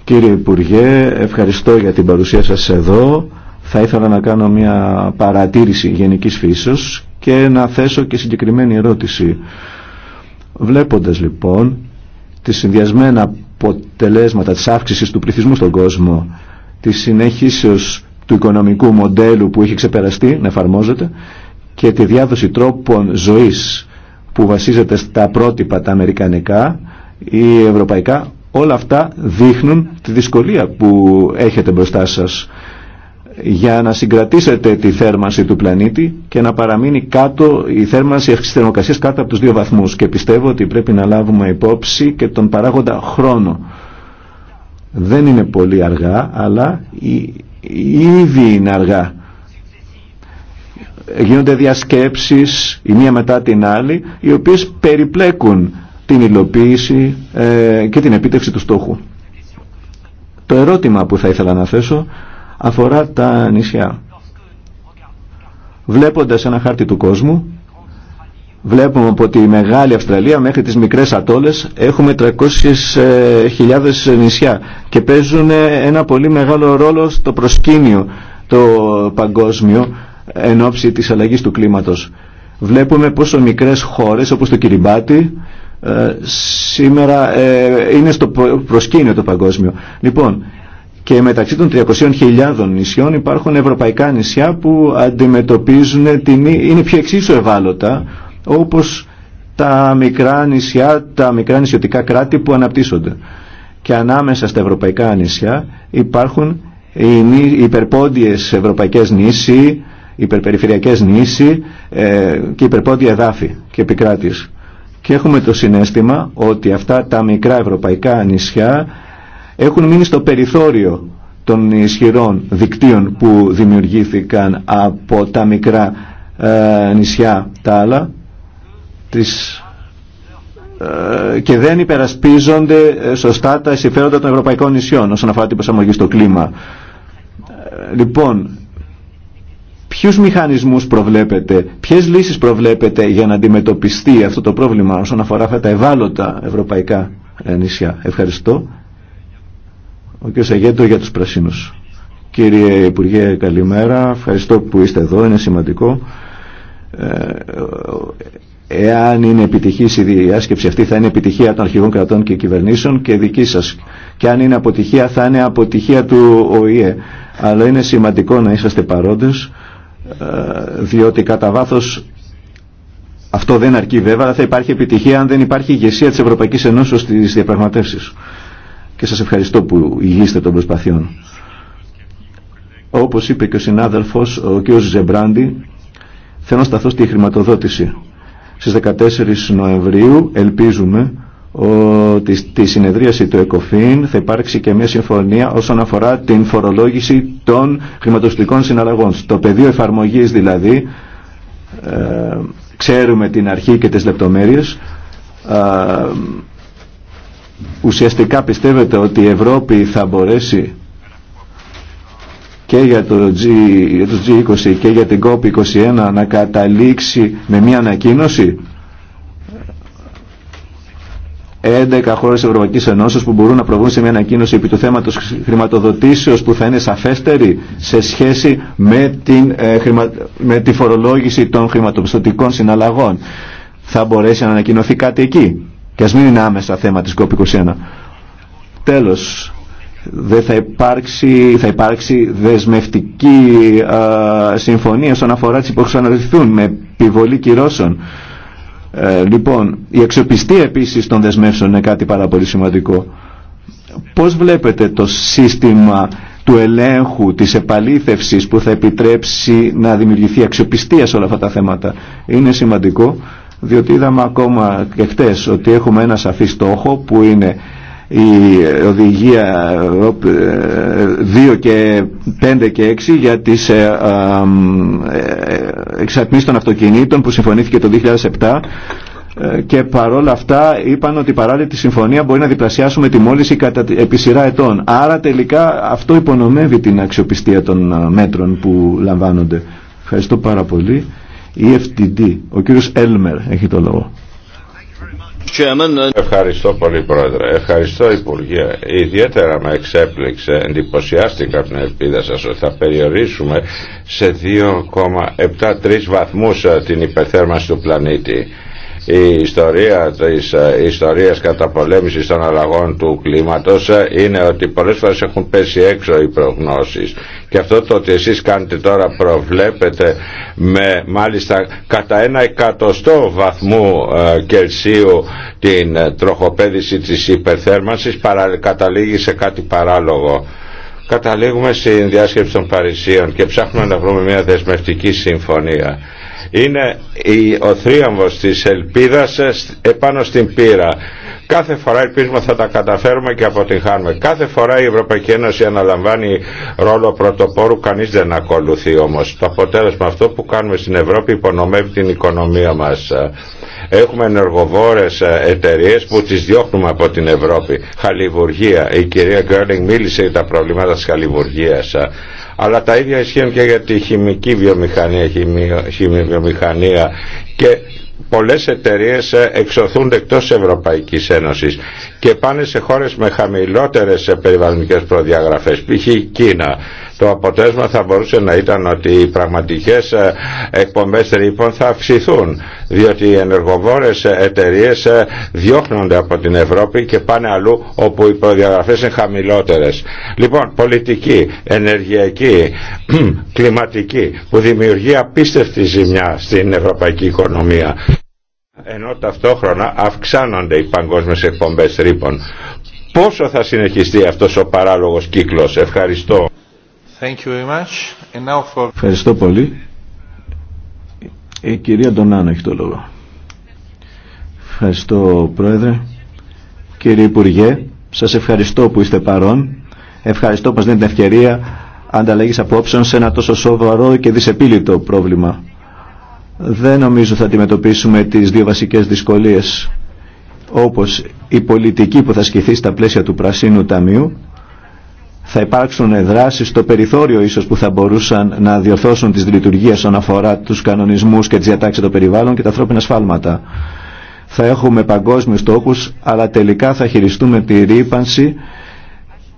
Κύριε Υπουργέ, ευχαριστώ για την παρουσία σας εδώ. Θα ήθελα να κάνω μια παρατήρηση γενικής φύσεως και να θέσω και συγκεκριμένη ερώτηση. Βλέποντας λοιπόν τις συνδυασμένα αποτελέσματα της αύξησης του πληθυσμού στον κόσμο, της συνέχισεως του οικονομικού μοντέλου που έχει ξεπεραστεί να εφαρμόζεται και τη διάδοση τρόπων ζωής που βασίζεται στα πρότυπα τα αμερικανικά ή ευρωπαϊκά Όλα αυτά δείχνουν τη δυσκολία που έχετε μπροστά σας για να συγκρατήσετε τη θέρμανση του πλανήτη και να παραμείνει κάτω η θέρμανση αυξής θερμοκρασίας κάτω από τους δύο βαθμούς και πιστεύω ότι πρέπει να λάβουμε υπόψη και τον παράγοντα χρόνο. Δεν είναι πολύ αργά αλλά ήδη είναι αργά. Γίνονται διασκέψεις η μία μετά την άλλη οι οποίες περιπλέκουν την υλοποίηση ε, και την επίτευξη του στόχου. Το ερώτημα που θα ήθελα να θέσω αφορά τα νησιά. Βλέποντας ένα χάρτη του κόσμου, βλέπουμε από τη Μεγάλη Αυστραλία μέχρι τις μικρές ατόλες έχουμε 300.000 ε, νησιά και παίζουν ε, ένα πολύ μεγάλο ρόλο στο προσκήνιο το παγκόσμιο εν ώψη της αλλαγής του κλίματος. Βλέπουμε πόσο μικρές χώρες όπως το Κυριμπάτι ε, σήμερα ε, είναι στο προσκήνιο το παγκόσμιο. Λοιπόν, και μεταξύ των 300.000 νησιών υπάρχουν ευρωπαϊκά νησιά που αντιμετωπίζουν την, είναι πιο εξίσου ευάλωτα όπως τα μικρά νησιά, τα μικρά νησιωτικά κράτη που αναπτύσσονται. Και ανάμεσα στα ευρωπαϊκά νησιά υπάρχουν οι υπερπόντιες ευρωπαϊκές νήσοι, υπερπεριφερειακές νήσοι ε, και υπερπόντια εδάφη και επικράτης. Και έχουμε το συνέστημα ότι αυτά τα μικρά ευρωπαϊκά νησιά έχουν μείνει στο περιθώριο των ισχυρών δικτύων που δημιουργήθηκαν από τα μικρά ε, νησιά τα άλλα ε, και δεν υπερασπίζονται σωστά τα συμφέροντα των ευρωπαϊκών νησιών όσον αφορά την προσαρμογή στο κλίμα. Ε, λοιπόν, Ποιους μηχανισμούς προβλέπετε, ποιες λύσεις προβλέπετε για να αντιμετωπιστεί αυτό το πρόβλημα όσον αφορά αυτά τα ευάλωτα ευρωπαϊκά ε, νησιά. Ευχαριστώ. Ο κ. Σαγέντο για τους Πρασίνους. Κύριε Υπουργέ καλημέρα, ευχαριστώ που είστε εδώ, είναι σημαντικό. Ε, εάν είναι επιτυχή η διάσκεψη αυτή, θα είναι επιτυχία των αρχηγών κρατών και κυβερνήσεων και δική σα. Και αν είναι αποτυχία, θα είναι αποτυχία του ΟΗΕ. Αλλά είναι σημαντικό να είσαστε παρόντες. Ε, διότι κατά βάθο αυτό δεν αρκεί βέβαια, αλλά θα υπάρχει επιτυχία αν δεν υπάρχει ηγεσία της Ευρωπαϊκής Ενώσεως στις διαπραγματεύσεις. Και σας ευχαριστώ που ηγείστε των προσπαθειών. Όπως είπε και ο συνάδελφος, ο κ. Ζεμπράντη, θέλω να σταθώ στη χρηματοδότηση. Στις 14 Νοεμβρίου ελπίζουμε ότι στη συνεδρίαση του ΕΚΟΦΗΝ θα υπάρξει και μια συμφωνία όσον αφορά την φορολόγηση των χρηματοστικών συναλλαγών. Στο πεδίο εφαρμογής δηλαδή ε, ξέρουμε την αρχή και τις λεπτομέρειες. Ε, ουσιαστικά πιστεύετε ότι η Ευρώπη θα μπορέσει και για το G, για G20 και για την COP21 να καταλήξει με μια ανακοίνωση 11 χώρε Ευρωπαϊκή Ενώσεω που μπορούν να προβούν σε μια ανακοίνωση επί του θέματο χρηματοδοτήσεω που θα είναι σαφέστερη σε σχέση με, την, ε, με τη φορολόγηση των χρηματοπιστωτικών συναλλαγών. Θα μπορέσει να ανακοινωθεί κάτι εκεί. Και α μην είναι άμεσα θέμα τη COP21. Τέλο, δεν θα υπάρξει, θα υπάρξει δεσμευτική α, ε, συμφωνία στον αφορά τι υποχρεώσει με επιβολή κυρώσεων ε, λοιπόν, η αξιοπιστία επίσης των δεσμεύσεων είναι κάτι πάρα πολύ σημαντικό. Πώς βλέπετε το σύστημα του ελέγχου, της επαλήθευσης που θα επιτρέψει να δημιουργηθεί αξιοπιστία σε όλα αυτά τα θέματα. Είναι σημαντικό διότι είδαμε ακόμα και χτες ότι έχουμε ένα σαφή στόχο που είναι η οδηγία 2 ε, και 5 και 6 για τις ε, ε, εξατμίσεις των αυτοκινήτων που συμφωνήθηκε το 2007 και παρόλα αυτά είπαν ότι παράλληλη τη συμφωνία μπορεί να διπλασιάσουμε τη μόλιση κατά, επί σειρά ετών. Άρα τελικά αυτό υπονομεύει την αξιοπιστία των μέτρων που λαμβάνονται. Ευχαριστώ πάρα πολύ. Η FTD, ο κύριος Έλμερ έχει το λόγο. Ευχαριστώ πολύ Πρόεδρε, ευχαριστώ Υπουργέ. Ιδιαίτερα με εξέπληξε, εντυπωσιάστηκα την ελπίδα σας ότι θα περιορίσουμε σε 2,73 βαθμούς ε, την υπερθέρμανση του πλανήτη η ιστορία της ε, ιστορίας καταπολέμησης των αλλαγών του κλίματος ε, είναι ότι πολλές φορές έχουν πέσει έξω οι προγνώσεις και αυτό το ότι εσείς κάνετε τώρα προβλέπετε με μάλιστα κατά ένα εκατοστό βαθμού ε, Κελσίου την τροχοπέδηση της υπερθέρμανσης παρα, καταλήγει σε κάτι παράλογο καταλήγουμε στην διάσκεψη των Παρισίων και ψάχνουμε να βρούμε μια δεσμευτική συμφωνία είναι ο θρίαμβος της ελπίδας ε, επάνω στην πύρα Κάθε φορά ελπίζουμε θα τα καταφέρουμε και αποτυγχάνουμε. Κάθε φορά η Ευρωπαϊκή Ένωση αναλαμβάνει ρόλο πρωτοπόρου, κανεί δεν ακολουθεί όμω. Το αποτέλεσμα αυτό που κάνουμε στην Ευρώπη υπονομεύει την οικονομία μα. Έχουμε ενεργοβόρε εταιρείε που τι διώχνουμε από την Ευρώπη. Χαλιβουργία. Η κυρία Γκέρλινγκ μίλησε για τα προβλήματα τη χαλιβουργία. Αλλά τα ίδια ισχύουν και για τη χημική βιομηχανία, και πολλές εταιρείες ε, εξωθούνται εκτός Ευρωπαϊκής Ένωσης και πάνε σε χώρες με χαμηλότερες ε, περιβαλλοντικές προδιαγραφές, π.χ. Κίνα το αποτέλεσμα θα μπορούσε να ήταν ότι οι πραγματικές ε, εκπομπές λοιπόν θα αυξηθούν διότι οι ενεργοβόρες ε, εταιρείε ε, διώχνονται από την Ευρώπη και πάνε αλλού όπου οι προδιαγραφές είναι χαμηλότερες. Λοιπόν, πολιτική, ενεργειακή, κλιματική που δημιουργεί απίστευτη ζημιά στην ευρωπαϊκή οικονομία ενώ ταυτόχρονα αυξάνονται οι παγκόσμιες εκπομπές ρήπων. Πόσο θα συνεχιστεί αυτός ο παράλογος κύκλος. Ευχαριστώ. Thank you very much. Ευχαριστώ πολύ. Η κυρία Ντονάνο έχει το λόγο. Ευχαριστώ Πρόεδρε. Κύριε Υπουργέ, σας ευχαριστώ που είστε παρόν. Ευχαριστώ που μα δίνετε την ευκαιρία ανταλλαγή απόψεων σε ένα τόσο σοβαρό και δυσεπίλητο πρόβλημα. Δεν νομίζω θα αντιμετωπίσουμε τις δύο βασικές δυσκολίες όπως η πολιτική που θα σκηθεί στα πλαίσια του Πρασίνου Ταμείου θα υπάρξουν δράσει στο περιθώριο ίσως που θα μπορούσαν να διορθώσουν τις λειτουργίε όσον αφορά τους κανονισμούς και τι διατάξει των περιβάλλων και τα ανθρώπινα σφάλματα. Θα έχουμε παγκόσμιου στόχου, αλλά τελικά θα χειριστούμε τη ρήπανση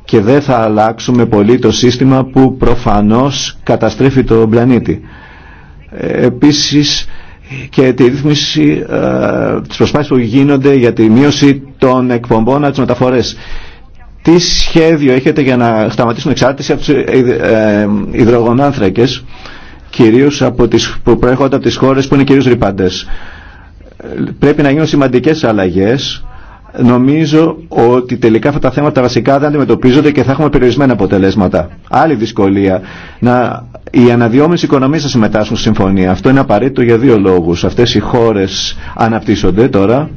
και δεν θα αλλάξουμε πολύ το σύστημα που προφανώς καταστρέφει τον πλανήτη. Επίσης, και τη ρύθμιση ε, της που γίνονται για τη μείωση των εκπομπών από τις μεταφορές τι σχέδιο έχετε για να σταματήσουν εξάρτηση από τους ε, ε, ε, υδρογονάνθρακες κυρίως από τις, που προέρχονται από τις χώρες που είναι κυρίως ρηπαντές. Πρέπει να γίνουν σημαντικές αλλαγές. Νομίζω ότι τελικά αυτά τα θέματα βασικά δεν αντιμετωπίζονται και θα έχουμε περιορισμένα αποτελέσματα. Άλλη δυσκολία. Να, οι αναδυόμενες οικονομίες θα συμμετάσχουν στη συμφωνία. Αυτό είναι απαραίτητο για δύο λόγους. Αυτές οι χώρες αναπτύσσονται τώρα.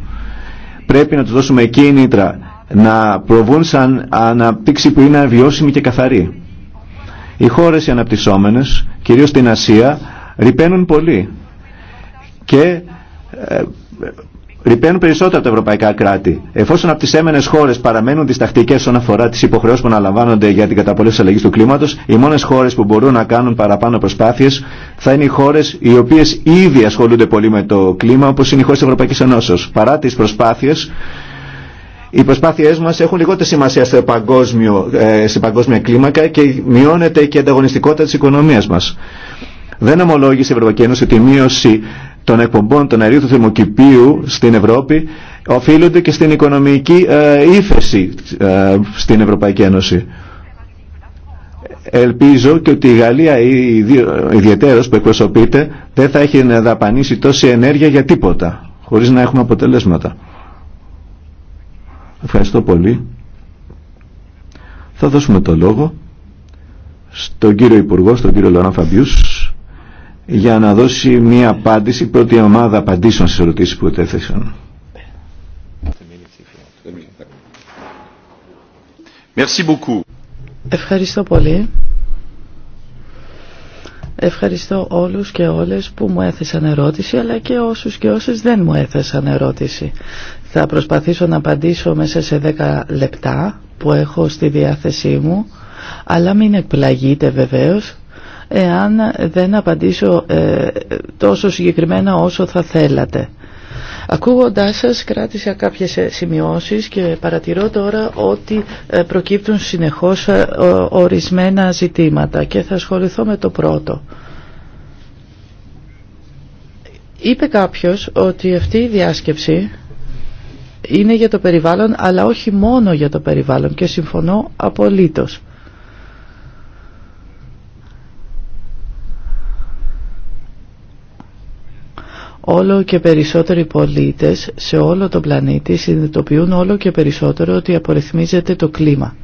Πρέπει να του δώσουμε κίνητρα να προβούν σαν αναπτύξη που είναι βιώσιμη και καθαρή. Οι χώρες οι αναπτυσσόμενες, κυρίως στην Ασία, ρηπαίνουν πολύ και ε, ρηπαίνουν περισσότερο από τα ευρωπαϊκά κράτη. Εφόσον από τι έμενε χώρε παραμένουν διστακτικέ όσον αφορά τι υποχρεώσει που αναλαμβάνονται για την καταπολέμηση αλλαγή του κλίματο, οι μόνε χώρε που μπορούν να κάνουν παραπάνω προσπάθειε θα είναι οι χώρε οι οποίε ήδη ασχολούνται πολύ με το κλίμα, όπω είναι οι χώρε τη Ευρωπαϊκή Ενώσεω. Παρά τι προσπάθειε, οι προσπάθειές μας έχουν λιγότερη σημασία στο παγκόσμιο, ε, παγκόσμια κλίμακα και μειώνεται και η ανταγωνιστικότητα της οικονομίας μας. Δεν ομολόγησε η Ευρωπαϊκή Ένωση ότι η μείωση των εκπομπών των αερίου του θερμοκηπίου στην Ευρώπη οφείλονται και στην οικονομική ε, ύφεση ε, στην Ευρωπαϊκή Ένωση. Ελπίζω και ότι η Γαλλία ε, ιδιαίτερο που εκπροσωπείται δεν θα έχει να δαπανίσει τόση ενέργεια για τίποτα, χωρίς να έχουμε αποτελέσματα. Ευχαριστώ πολύ. Θα δώσουμε το λόγο στον κύριο Υπουργό, στον κύριο Λοράν Φαμπιού, για να δώσει μία απάντηση, πρώτη ομάδα απαντήσεων στι ερωτήσει που ετέθεσαν. Ευχαριστώ πολύ. Ευχαριστώ όλους και όλες που μου έθεσαν ερώτηση αλλά και όσους και όσες δεν μου έθεσαν ερώτηση. Θα προσπαθήσω να απαντήσω μέσα σε 10 λεπτά που έχω στη διάθεσή μου αλλά μην εκπλαγείτε βεβαίως εάν δεν απαντήσω ε, τόσο συγκεκριμένα όσο θα θέλατε. Ακούγοντά σας κράτησα κάποιες ε, σημειώσεις και παρατηρώ τώρα ότι ε, προκύπτουν συνεχώς ε, ορισμένα ζητήματα και θα ασχοληθώ με το πρώτο. Είπε κάποιος ότι αυτή η διάσκεψη είναι για το περιβάλλον αλλά όχι μόνο για το περιβάλλον και συμφωνώ απολύτως. Όλο και περισσότεροι πολίτες σε όλο τον πλανήτη συνειδητοποιούν όλο και περισσότερο ότι απορριθμίζεται το κλίμα.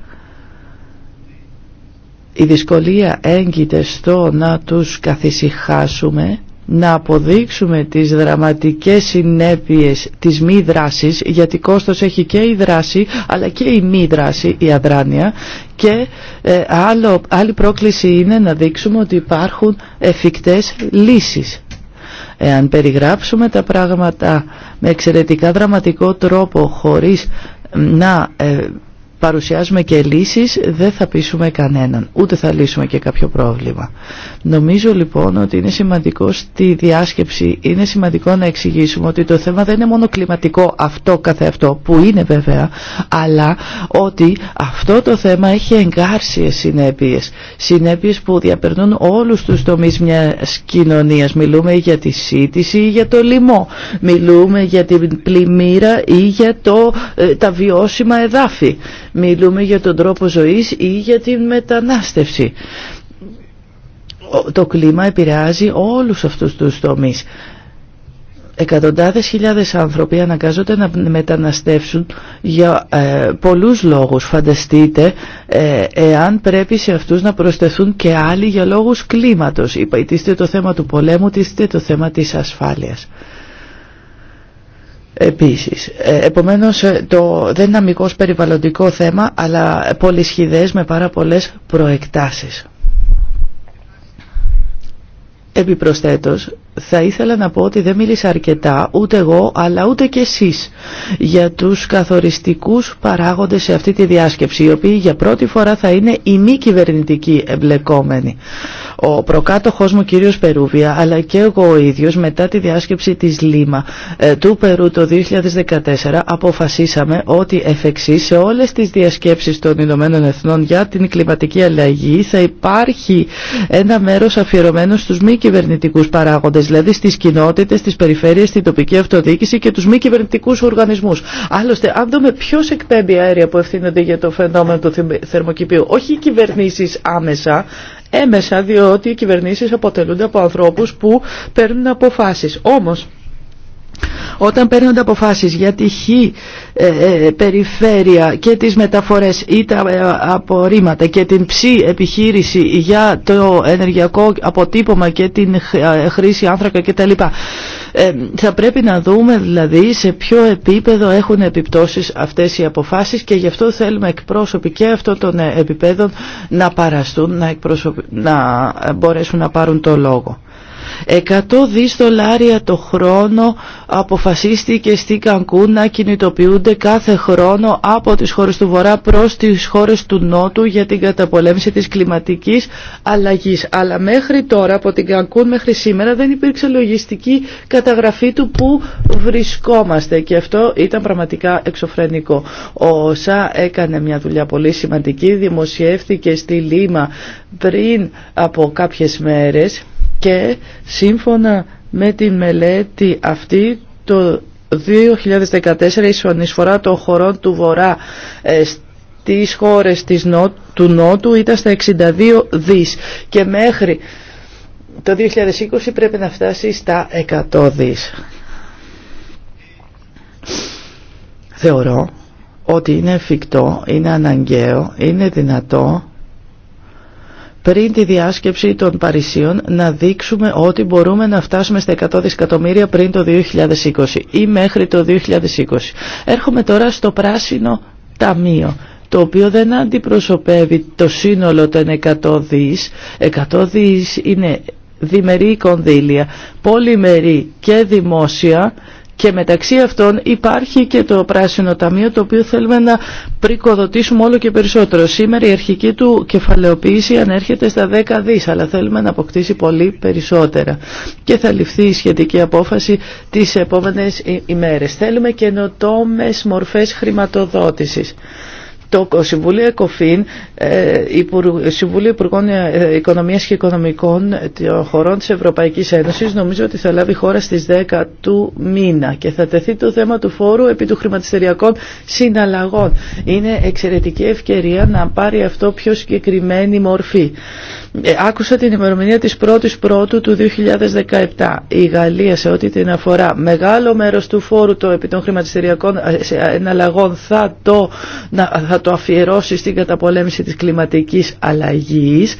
Η δυσκολία έγκυται στο να τους καθησυχάσουμε, να αποδείξουμε τις δραματικές συνέπειες της μη δράσης, γιατί κόστος έχει και η δράση αλλά και η μη δράση, η αδράνεια και ε, άλλο, άλλη πρόκληση είναι να δείξουμε ότι υπάρχουν εφικτές λύσεις Εάν περιγράψουμε τα πράγματα με εξαιρετικά δραματικό τρόπο χωρίς να ε, παρουσιάζουμε και λύσεις δεν θα πείσουμε κανέναν, ούτε θα λύσουμε και κάποιο πρόβλημα. Νομίζω λοιπόν ότι είναι σημαντικό στη διάσκεψη, είναι σημαντικό να εξηγήσουμε ότι το θέμα δεν είναι μόνο κλιματικό αυτό αυτό που είναι βέβαια, αλλά ότι αυτό το θέμα έχει εγκάρσιες συνέπειες, συνέπειες που διαπερνούν όλους τους τομείς μια κοινωνίας. Μιλούμε για τη σύντηση ή για το λοιμό, μιλούμε για την πλημμύρα ή για το, ε, τα βιώσιμα εδάφη. Μιλούμε για τον τρόπο ζωής ή για την μετανάστευση. Το κλίμα επηρεάζει όλους αυτούς τους τομείς. Εκατοντάδες χιλιάδες άνθρωποι αναγκάζονται να μεταναστεύσουν για ε, πολλούς λόγους. Φανταστείτε ε, εάν πρέπει σε αυτούς να προσθεθούν και άλλοι για λόγους κλίματος. Είστε το θέμα του πολέμου, είστε το θέμα της ασφάλειας επίσης. Ε, επομένως ε, το δεν είναι αμυγός περιβαλλοντικό θέμα αλλά πολυσχηδές με πάρα πολλές προεκτάσεις. Επιπροσθέτως θα ήθελα να πω ότι δεν μίλησα αρκετά ούτε εγώ αλλά ούτε και εσείς για τους καθοριστικούς παράγοντες σε αυτή τη διάσκεψη οι οποίοι για πρώτη φορά θα είναι οι μη κυβερνητικοί εμπλεκόμενοι. Ο προκάτοχός μου κύριος Περούβια αλλά και εγώ ο ίδιος μετά τη διάσκεψη της Λίμα ε, του Περού το 2014 αποφασίσαμε ότι εφ' εξής, σε όλες τις διασκέψεις των Ηνωμένων Εθνών για την κλιματική αλλαγή θα υπάρχει ένα μέρος αφιερωμένο στους μη κυβερνητικούς παράγοντες δηλαδή στις κοινότητες, στις περιφέρειες, στην τοπική αυτοδιοίκηση και τους μη κυβερνητικού οργανισμούς. Άλλωστε, αν δούμε ποιο εκπέμπει αέρια που ευθύνονται για το φαινόμενο του θερμοκηπίου, όχι οι κυβερνήσεις άμεσα, έμεσα διότι οι κυβερνήσεις αποτελούνται από ανθρώπους που παίρνουν αποφάσεις. Όμως, όταν παίρνονται αποφάσεις για τη χή ε, ε, περιφέρεια και τις μεταφορές ή τα ε, απορρίμματα και την ψη επιχείρηση για το ενεργειακό αποτύπωμα και την χρήση άνθρακα κτλ. Θα πρέπει να δούμε δηλαδή σε ποιο επίπεδο έχουν επιπτώσεις αυτές οι αποφάσεις και γι' αυτό θέλουμε εκπρόσωποι και αυτών των επιπέδων να παραστούν, να, να μπορέσουν να πάρουν το λόγο. 100 δις δολάρια το χρόνο αποφασίστηκε στη Κανκούν να κινητοποιούνται κάθε χρόνο από τις χώρες του Βορρά προς τις χώρες του Νότου για την καταπολέμηση της κλιματικής αλλαγής. Αλλά μέχρι τώρα, από την Κανκούν μέχρι σήμερα, δεν υπήρξε λογιστική καταγραφή του που βρισκόμαστε και αυτό ήταν πραγματικά εξωφρενικό. Ο έκανε μια δουλειά πολύ σημαντική, δημοσιεύθηκε στη Λίμα πριν από κάποιες μέρες και σύμφωνα με τη μελέτη αυτή το 2014 η συνεισφορά των χωρών του Βορρά ε, στις χώρες της του Νότου ήταν στα 62 δις και μέχρι το 2020 πρέπει να φτάσει στα 100 δις. Θεωρώ ότι είναι εφικτό, είναι αναγκαίο, είναι δυνατό πριν τη διάσκεψη των Παρισίων να δείξουμε ότι μπορούμε να φτάσουμε στα 100 δισεκατομμύρια πριν το 2020 ή μέχρι το 2020. Έρχομαι τώρα στο πράσινο ταμείο το οποίο δεν αντιπροσωπεύει το σύνολο των 100 δις. 100 δις είναι διμερή κονδύλια, πολυμερή και δημόσια και μεταξύ αυτών υπάρχει και το πράσινο ταμείο το οποίο θέλουμε να πρικοδοτήσουμε όλο και περισσότερο. Σήμερα η αρχική του κεφαλαιοποίηση ανέρχεται στα 10 δις αλλά θέλουμε να αποκτήσει πολύ περισσότερα. Και θα ληφθεί η σχετική απόφαση τις επόμενες ημέρες. Θέλουμε καινοτόμε μορφές χρηματοδότησης. Το Συμβουλίο ΕΚΟΦΗΝ, ε, Συμβουλίο Υπουργών ε, Οικονομίας και Οικονομικών των χωρών της Ευρωπαϊκής Ένωσης νομίζω ότι θα λάβει χώρα στις 10 του μήνα και θα τεθεί το θέμα του φόρου επί του χρηματιστηριακών συναλλαγών. Είναι εξαιρετική ευκαιρία να πάρει αυτό πιο συγκεκριμένη μορφή. Ε, άκουσα την ημερομηνία της 1ης Πρώτου του 2017. Η Γαλλία σε ό,τι την αφορά μεγάλο μέρος του φόρου το, επί των χρηματιστηριακών ε, ε, εναλλαγών θα το, να, θα το αφιερώσει στην καταπολέμηση της κλιματικής αλλαγής.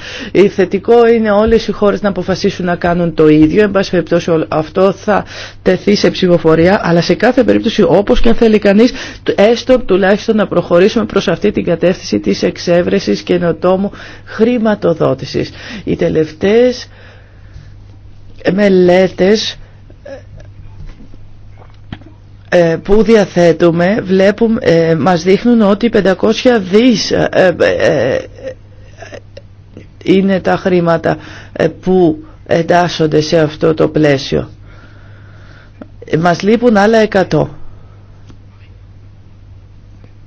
θετικό είναι όλες οι χώρες να αποφασίσουν να κάνουν το ίδιο. Εν πάση περιπτώσει αυτό θα τεθεί σε ψηφοφορία, αλλά σε κάθε περίπτωση όπως και αν θέλει κανείς, έστω τουλάχιστον να προχωρήσουμε προς αυτή την κατεύθυνση της εξέβρεσης καινοτόμου χρηματοδότησης. Οι τελευταίες μελέτες ε, που διαθέτουμε βλέπουμε, ε, μας δείχνουν ότι 500 δις ε, είναι τα χρήματα που εντάσσονται σε αυτό το πλαίσιο. Μας λείπουν άλλα 100.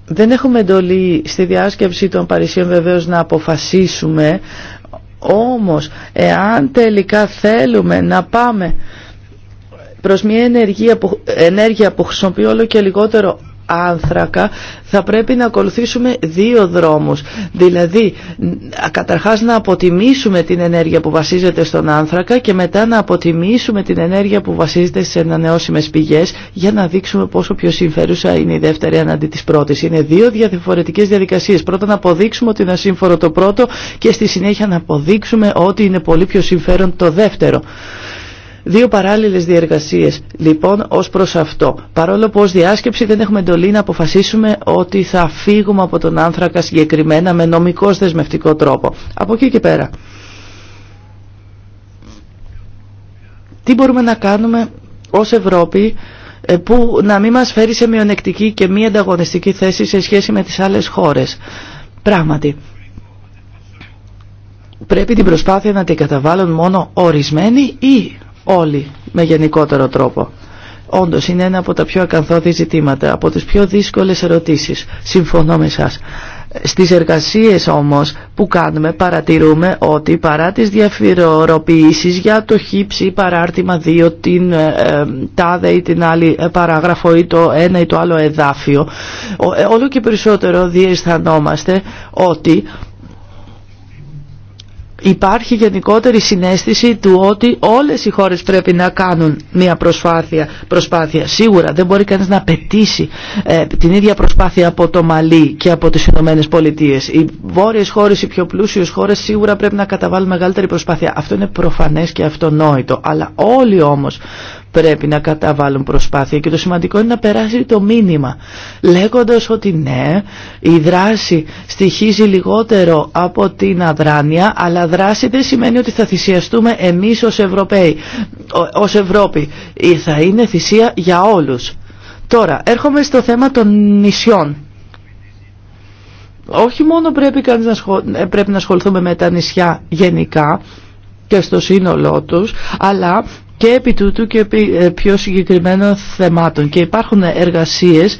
Δεν έχουμε εντολή στη διάσκεψη των Παρισίων βεβαίως να αποφασίσουμε όμως, εάν τελικά θέλουμε να πάμε προς μια ενέργεια που, ενέργεια που χρησιμοποιεί όλο και λιγότερο άνθρακα θα πρέπει να ακολουθήσουμε δύο δρόμους. Δηλαδή καταρχάς να αποτιμήσουμε την ενέργεια που βασίζεται στον άνθρακα και μετά να αποτιμήσουμε την ενέργεια που βασίζεται σε ανανεώσιμες πηγές για να δείξουμε πόσο πιο συμφέρουσα είναι η δεύτερη αντί της πρώτης. Είναι δύο διαφορετικές διαδικασίες. Πρώτα να αποδείξουμε ότι είναι σύμφορο το πρώτο και στη συνέχεια να αποδείξουμε ότι είναι πολύ πιο συμφέρον το δεύτερο. Δύο παράλληλες διεργασίες λοιπόν ως προς αυτό. Παρόλο που ως διάσκεψη δεν έχουμε εντολή να αποφασίσουμε ότι θα φύγουμε από τον άνθρακα συγκεκριμένα με νομικός δεσμευτικό τρόπο. Από εκεί και πέρα. Τι μπορούμε να κάνουμε ως Ευρώπη ε, που να μην μας φέρει σε μειονεκτική και μη ανταγωνιστική θέση σε σχέση με τις άλλες χώρες. Πράγματι, πρέπει την προσπάθεια να την καταβάλουν μόνο ορισμένοι ή όλοι με γενικότερο τρόπο. Όντως είναι ένα από τα πιο ακαθόδη ζητήματα, από τις πιο δύσκολες ερωτήσεις. Συμφωνώ με σας. Στις εργασίες όμως που κάνουμε παρατηρούμε ότι παρά τις διαφοροποιήσεις για το χύψη παράρτημα 2, την ε, ε, τάδε ή την άλλη ε, παράγραφο ή το ένα ή το άλλο εδάφιο, όλο και περισσότερο διαισθανόμαστε ότι υπάρχει γενικότερη συνέστηση του ότι όλες οι χώρες πρέπει να κάνουν μια προσπάθεια. προσπάθεια. Σίγουρα δεν μπορεί κανείς να απαιτήσει ε, την ίδια προσπάθεια από το Μαλή και από τις Ηνωμένες Πολιτείες. Οι βόρειες χώρες, οι πιο πλούσιες χώρες σίγουρα πρέπει να καταβάλουν μεγαλύτερη προσπάθεια. Αυτό είναι προφανές και αυτονόητο. Αλλά όλοι όμως πρέπει να καταβάλουν προσπάθεια και το σημαντικό είναι να περάσει το μήνυμα λέγοντας ότι ναι η δράση στοιχίζει λιγότερο από την αδράνεια αλλά δράση δεν σημαίνει ότι θα θυσιαστούμε εμείς ως Ευρωπαίοι ως Ευρώπη ε, θα είναι θυσία για όλους τώρα έρχομαι στο θέμα των νησιών όχι μόνο πρέπει, ε, πρέπει να ασχοληθούμε με τα νησιά γενικά και στο σύνολό τους αλλά και επί τούτου και επί ε, πιο συγκεκριμένων θεμάτων. Και υπάρχουν εργασίες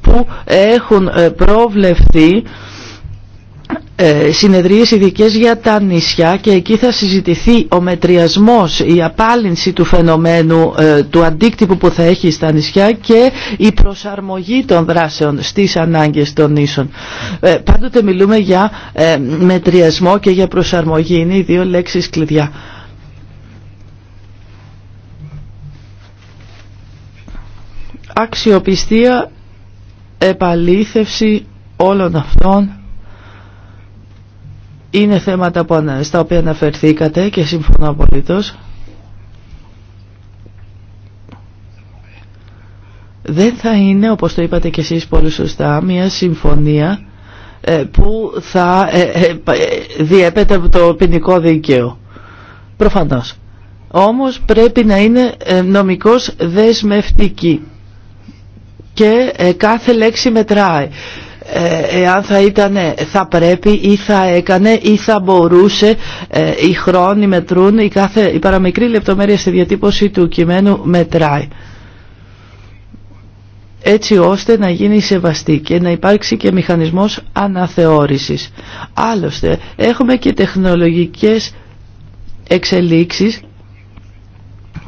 που έχουν ε, προβλεφθεί ε, συνεδρίες ειδικέ για τα νησιά και εκεί θα συζητηθεί ο μετριασμός, η απάλυνση του φαινομένου, του αντίκτυπου που θα έχει στα νησιά και η προσαρμογή των δράσεων στις ανάγκες των νήσων. πάντοτε μιλούμε για μετριασμό και για προσαρμογή, είναι οι δύο λέξεις κλειδιά. αξιοπιστία επαλήθευση όλων αυτών είναι θέματα που, στα οποία αναφερθήκατε και συμφωνώ απολύτως. Δεν θα είναι, όπως το είπατε και εσείς πολύ σωστά, μια συμφωνία ε, που θα ε, ε, διέπεται από το ποινικό δίκαιο. Προφανώς. Όμως πρέπει να είναι νομικός δεσμευτική και ε, κάθε λέξη μετράει ε, εάν θα ήταν θα πρέπει ή θα έκανε ή θα μπορούσε ε, οι χρόνοι μετρούν η, κάθε, η παραμικρή λεπτομέρεια στη διατύπωση του κειμένου μετράει έτσι ώστε να γίνει σεβαστή και να υπάρξει και μηχανισμός αναθεώρησης. Άλλωστε έχουμε και τεχνολογικές εξελίξεις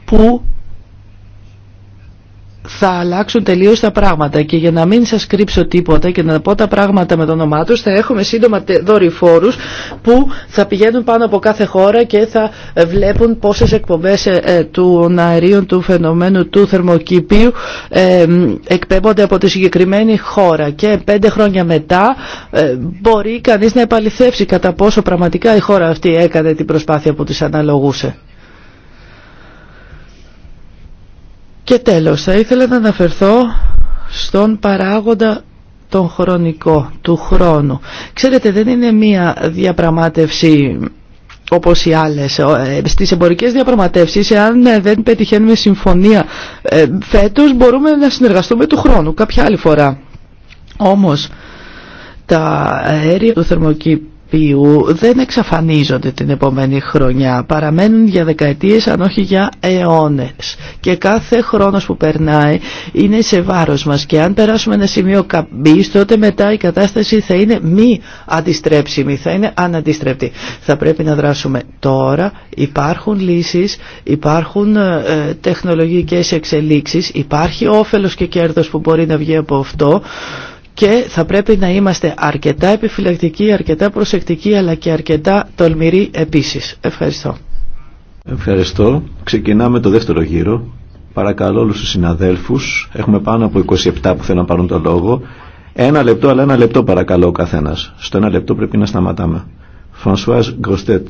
που θα αλλάξουν τελείως τα πράγματα και για να μην σας κρύψω τίποτα και να πω τα πράγματα με το όνομά τους θα έχουμε σύντομα δορυφόρους που θα πηγαίνουν πάνω από κάθε χώρα και θα βλέπουν πόσες εκπομπές ε, ε, του αερίων του φαινομένου του θερμοκηπίου ε, εκπέμπονται από τη συγκεκριμένη χώρα και πέντε χρόνια μετά μπορεί κανείς να επαληθεύσει κατά πόσο πραγματικά η χώρα αυτή έκανε την προσπάθεια που της αναλογούσε. Και τέλος, θα ήθελα να αναφερθώ στον παράγοντα τον χρονικό, του χρόνου. Ξέρετε, δεν είναι μία διαπραγμάτευση όπως οι άλλες. Ε, στις εμπορικές διαπραγματεύσεις, εάν ε, δεν πετυχαίνουμε συμφωνία ε, φέτος, μπορούμε να συνεργαστούμε του χρόνου, κάποια άλλη φορά. Όμως, τα αέρια του θερμοκήπου οποίου δεν εξαφανίζονται την επόμενη χρονιά, παραμένουν για δεκαετίες αν όχι για αιώνες και κάθε χρόνος που περνάει είναι σε βάρος μας και αν περάσουμε ένα σημείο καμπής τότε μετά η κατάσταση θα είναι μη αντιστρέψιμη, θα είναι αναντιστρεπτή. Θα πρέπει να δράσουμε τώρα, υπάρχουν λύσεις, υπάρχουν ε, ε τεχνολογικές εξελίξεις, υπάρχει όφελος και κέρδος που μπορεί να βγει από αυτό και θα πρέπει να είμαστε αρκετά επιφυλακτικοί, αρκετά προσεκτικοί αλλά και αρκετά τολμηροί επίσης. Ευχαριστώ. Ευχαριστώ. Ξεκινάμε το δεύτερο γύρο. Παρακαλώ όλους τους συναδέλφους. Έχουμε πάνω από 27 που θέλουν να πάρουν το λόγο. Ένα λεπτό, αλλά ένα λεπτό παρακαλώ ο καθένας. Στο ένα λεπτό πρέπει να σταματάμε. Φρανσουάζ Γκροστέτ.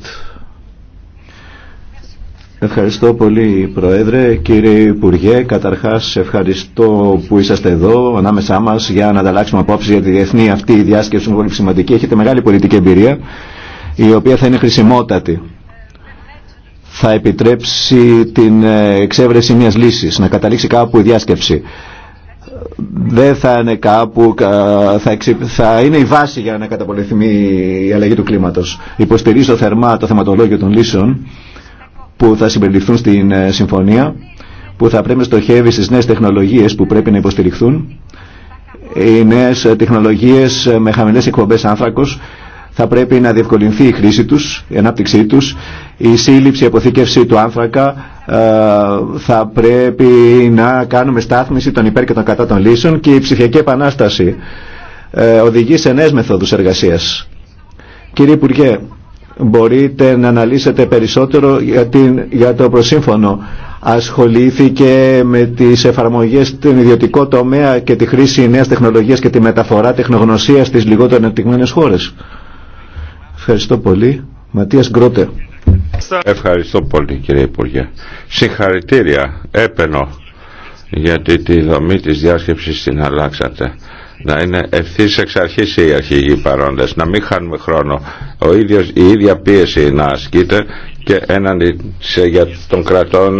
Ευχαριστώ πολύ Προέδρε. Κύριε Υπουργέ, καταρχάς ευχαριστώ που είσαστε εδώ ανάμεσά μας για να ανταλλάξουμε απόψεις για τη διεθνή αυτή η διάσκεψη είναι πολύ σημαντική. Έχετε μεγάλη πολιτική εμπειρία η οποία θα είναι χρησιμότατη. Θα επιτρέψει την ε, εξέβρεση μιας λύσης, να καταλήξει κάπου η διάσκεψη. Δεν θα είναι κάπου, θα, θα είναι η βάση για να καταπολεθεί η αλλαγή του κλίματος. Υποστηρίζω θερμά το θεματολόγιο των λύσεων που θα συμπεριληφθούν στην ε, συμφωνία, που θα πρέπει να στοχεύει στις νέες τεχνολογίες που πρέπει να υποστηριχθούν, οι νέες ε, τεχνολογίες ε, με χαμηλές εκπομπές άνθρακος, θα πρέπει να διευκολυνθεί η χρήση τους, η ανάπτυξή τους, η σύλληψη, η αποθήκευση του άνθρακα, θα πρέπει να κάνουμε στάθμιση των υπέρ και των κατά των λύσεων και η ψηφιακή επανάσταση οδηγεί σε νέες μεθόδους εργασίας. Κύριε Υπουργέ, μπορείτε να αναλύσετε περισσότερο για, την, για το προσύμφωνο. Ασχολήθηκε με τις εφαρμογές στην ιδιωτικό τομέα και τη χρήση νέας τεχνολογίας και τη μεταφορά τεχνογνωσίας στις λιγότερο ανεπτυγμένες χώρες. Ευχαριστώ πολύ. Ματίας Γκρότε. Ευχαριστώ πολύ κύριε Υπουργέ. Συγχαρητήρια, έπαινο, γιατί τη δομή της διάσκεψης την αλλάξατε να είναι ευθύ εξ αρχή οι αρχηγοί παρόντε, να μην χάνουμε χρόνο. Ο ίδιος, η ίδια πίεση να ασκείται και έναντι σε, για τον κρατών,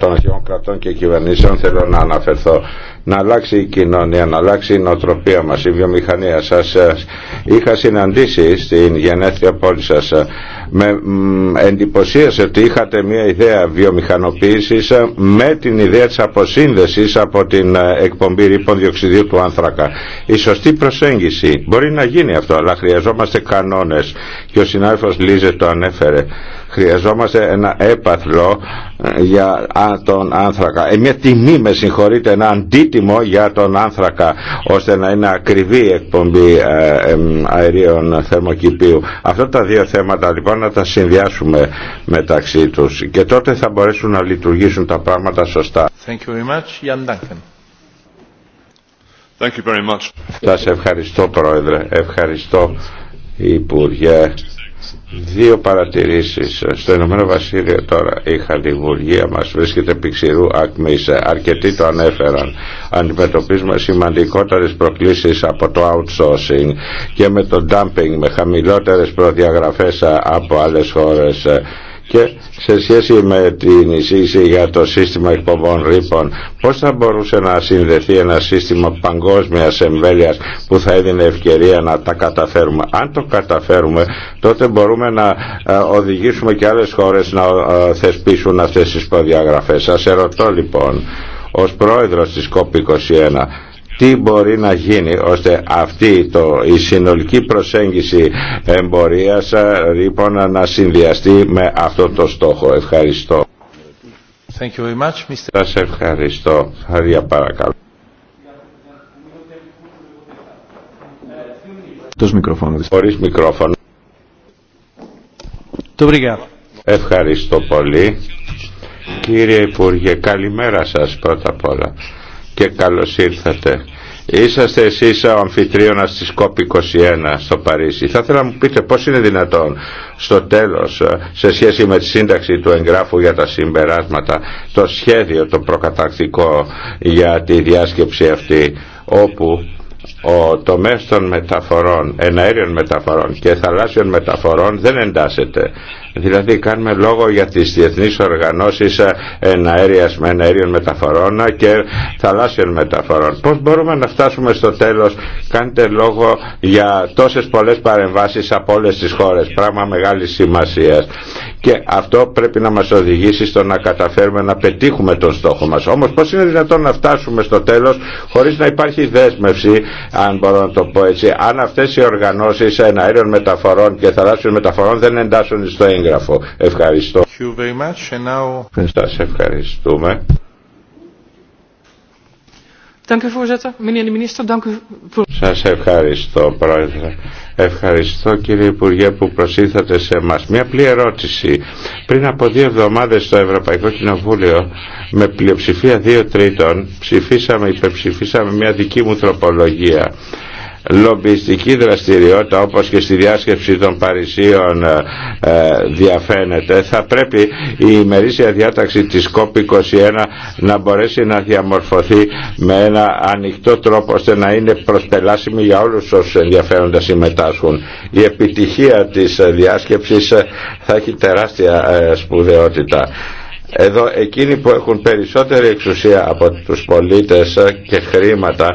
των αρχηγών κρατών και κυβερνήσεων θέλω να αναφερθώ να αλλάξει η κοινωνία, να αλλάξει η νοοτροπία μας, η βιομηχανία σας. Ε, είχα συναντήσει στην γενέθλια πόλη σας. Ε, με εντυπωσίασε ότι είχατε μια ιδέα βιομηχανοποίησης ε, με την ιδέα της αποσύνδεσης από την εκπομπή ρήπων διοξιδίου του άνθρακα. Η σωστή προσέγγιση μπορεί να γίνει αυτό, αλλά χρειαζόμαστε κανόνες. Και ο συνάδελφος Λίζε το ανέφερε. Χρειαζόμαστε ένα έπαθλο ε, για τον άνθρακα. Ε, μια τιμή, με συγχωρείτε, ένα αντίτιμο για τον άνθρακα, ώστε να είναι ακριβή η εκπομπή ε, αερίων θερμοκηπίου. Αυτά τα δύο θέματα λοιπόν να τα συνδυάσουμε μεταξύ τους και τότε θα μπορέσουν να λειτουργήσουν τα πράγματα σωστά. Thank ευχαριστώ Πρόεδρε, ευχαριστώ Υπουργέ. Δύο παρατηρήσεις. Στο Ηνωμένο Βασίλειο τώρα η χαλιβουργία μας βρίσκεται πηξηρού άκμης. Αρκετοί το ανέφεραν. Αντιμετωπίζουμε σημαντικότερες προκλήσεις από το outsourcing και με το dumping με χαμηλότερες προδιαγραφές από άλλες χώρες και σε σχέση με την εισήγηση για το σύστημα εκπομπών ρήπων, πώς θα μπορούσε να συνδεθεί ένα σύστημα παγκόσμιας εμβέλειας που θα έδινε ευκαιρία να τα καταφέρουμε. Αν το καταφέρουμε, τότε μπορούμε να ε, οδηγήσουμε και άλλες χώρες να ε, θεσπίσουν αυτές τις προδιαγραφές. Σας ερωτώ λοιπόν, ως πρόεδρος της COP21, τι μπορεί να γίνει ώστε αυτή το, η συνολική προσέγγιση εμπορίας ε, λοιπόν να συνδυαστεί με αυτό το στόχο. Ευχαριστώ. Thank you very much, Mr. Σας ευχαριστώ. παρακαλώ. Τους μικρόφωνο. Ευχαριστώ πολύ. Κύριε Υπουργέ, καλημέρα σας πρώτα απ' όλα και καλώς ήρθατε. Είσαστε εσείς ο αμφιτρίωνας της COP21 στο Παρίσι. Θα ήθελα να μου πείτε πώς είναι δυνατόν στο τέλος σε σχέση με τη σύνταξη του εγγράφου για τα συμπεράσματα το σχέδιο το προκατακτικό για τη διάσκεψη αυτή όπου ο τομέας των μεταφορών, εναέριων μεταφορών και θαλάσσιων μεταφορών δεν εντάσσεται Δηλαδή κάνουμε λόγο για τις διεθνείς οργανώσεις ε, εναέριας με εναέριων μεταφορών και θαλάσσιων μεταφορών. Πώς μπορούμε να φτάσουμε στο τέλος, κάνετε λόγο για τόσες πολλές παρεμβάσεις από όλες τις χώρες, πράγμα μεγάλης σημασίας. Και αυτό πρέπει να μας οδηγήσει στο να καταφέρουμε να πετύχουμε τον στόχο μας. Όμως πώς είναι δυνατόν να φτάσουμε στο τέλος χωρίς να υπάρχει δέσμευση, αν μπορώ να το πω έτσι, αν αυτές οι οργανώσεις εναέριων μεταφορών και θαλάσσιων μεταφορών δεν εντάσσουν στο έγγραφο. Ευχαριστώ. Now... ευχαριστούμε. Σας ευχαριστώ πρόεδρε. Ευχαριστώ κύριε Υπουργέ που προσήλθατε σε μας. Μια απλή ερώτηση. Πριν από δύο εβδομάδες στο Ευρωπαϊκό Κοινοβούλιο με πλειοψηφία δύο τρίτων ψηφίσαμε, υπεψηφίσαμε μια δική μου τροπολογία λομπιστική δραστηριότητα όπως και στη διάσκεψη των Παρισίων ε, ε, διαφαίνεται θα πρέπει η ημερήσια διάταξη της COP21 να μπορέσει να διαμορφωθεί με ένα ανοιχτό τρόπο ώστε να είναι προσπελάσιμη για όλους όσους ενδιαφέροντα συμμετάσχουν. Η επιτυχία της διάσκεψης ε, θα έχει τεράστια σπουδαιότητα. Εδώ εκείνοι που έχουν περισσότερη εξουσία από τους πολίτες και χρήματα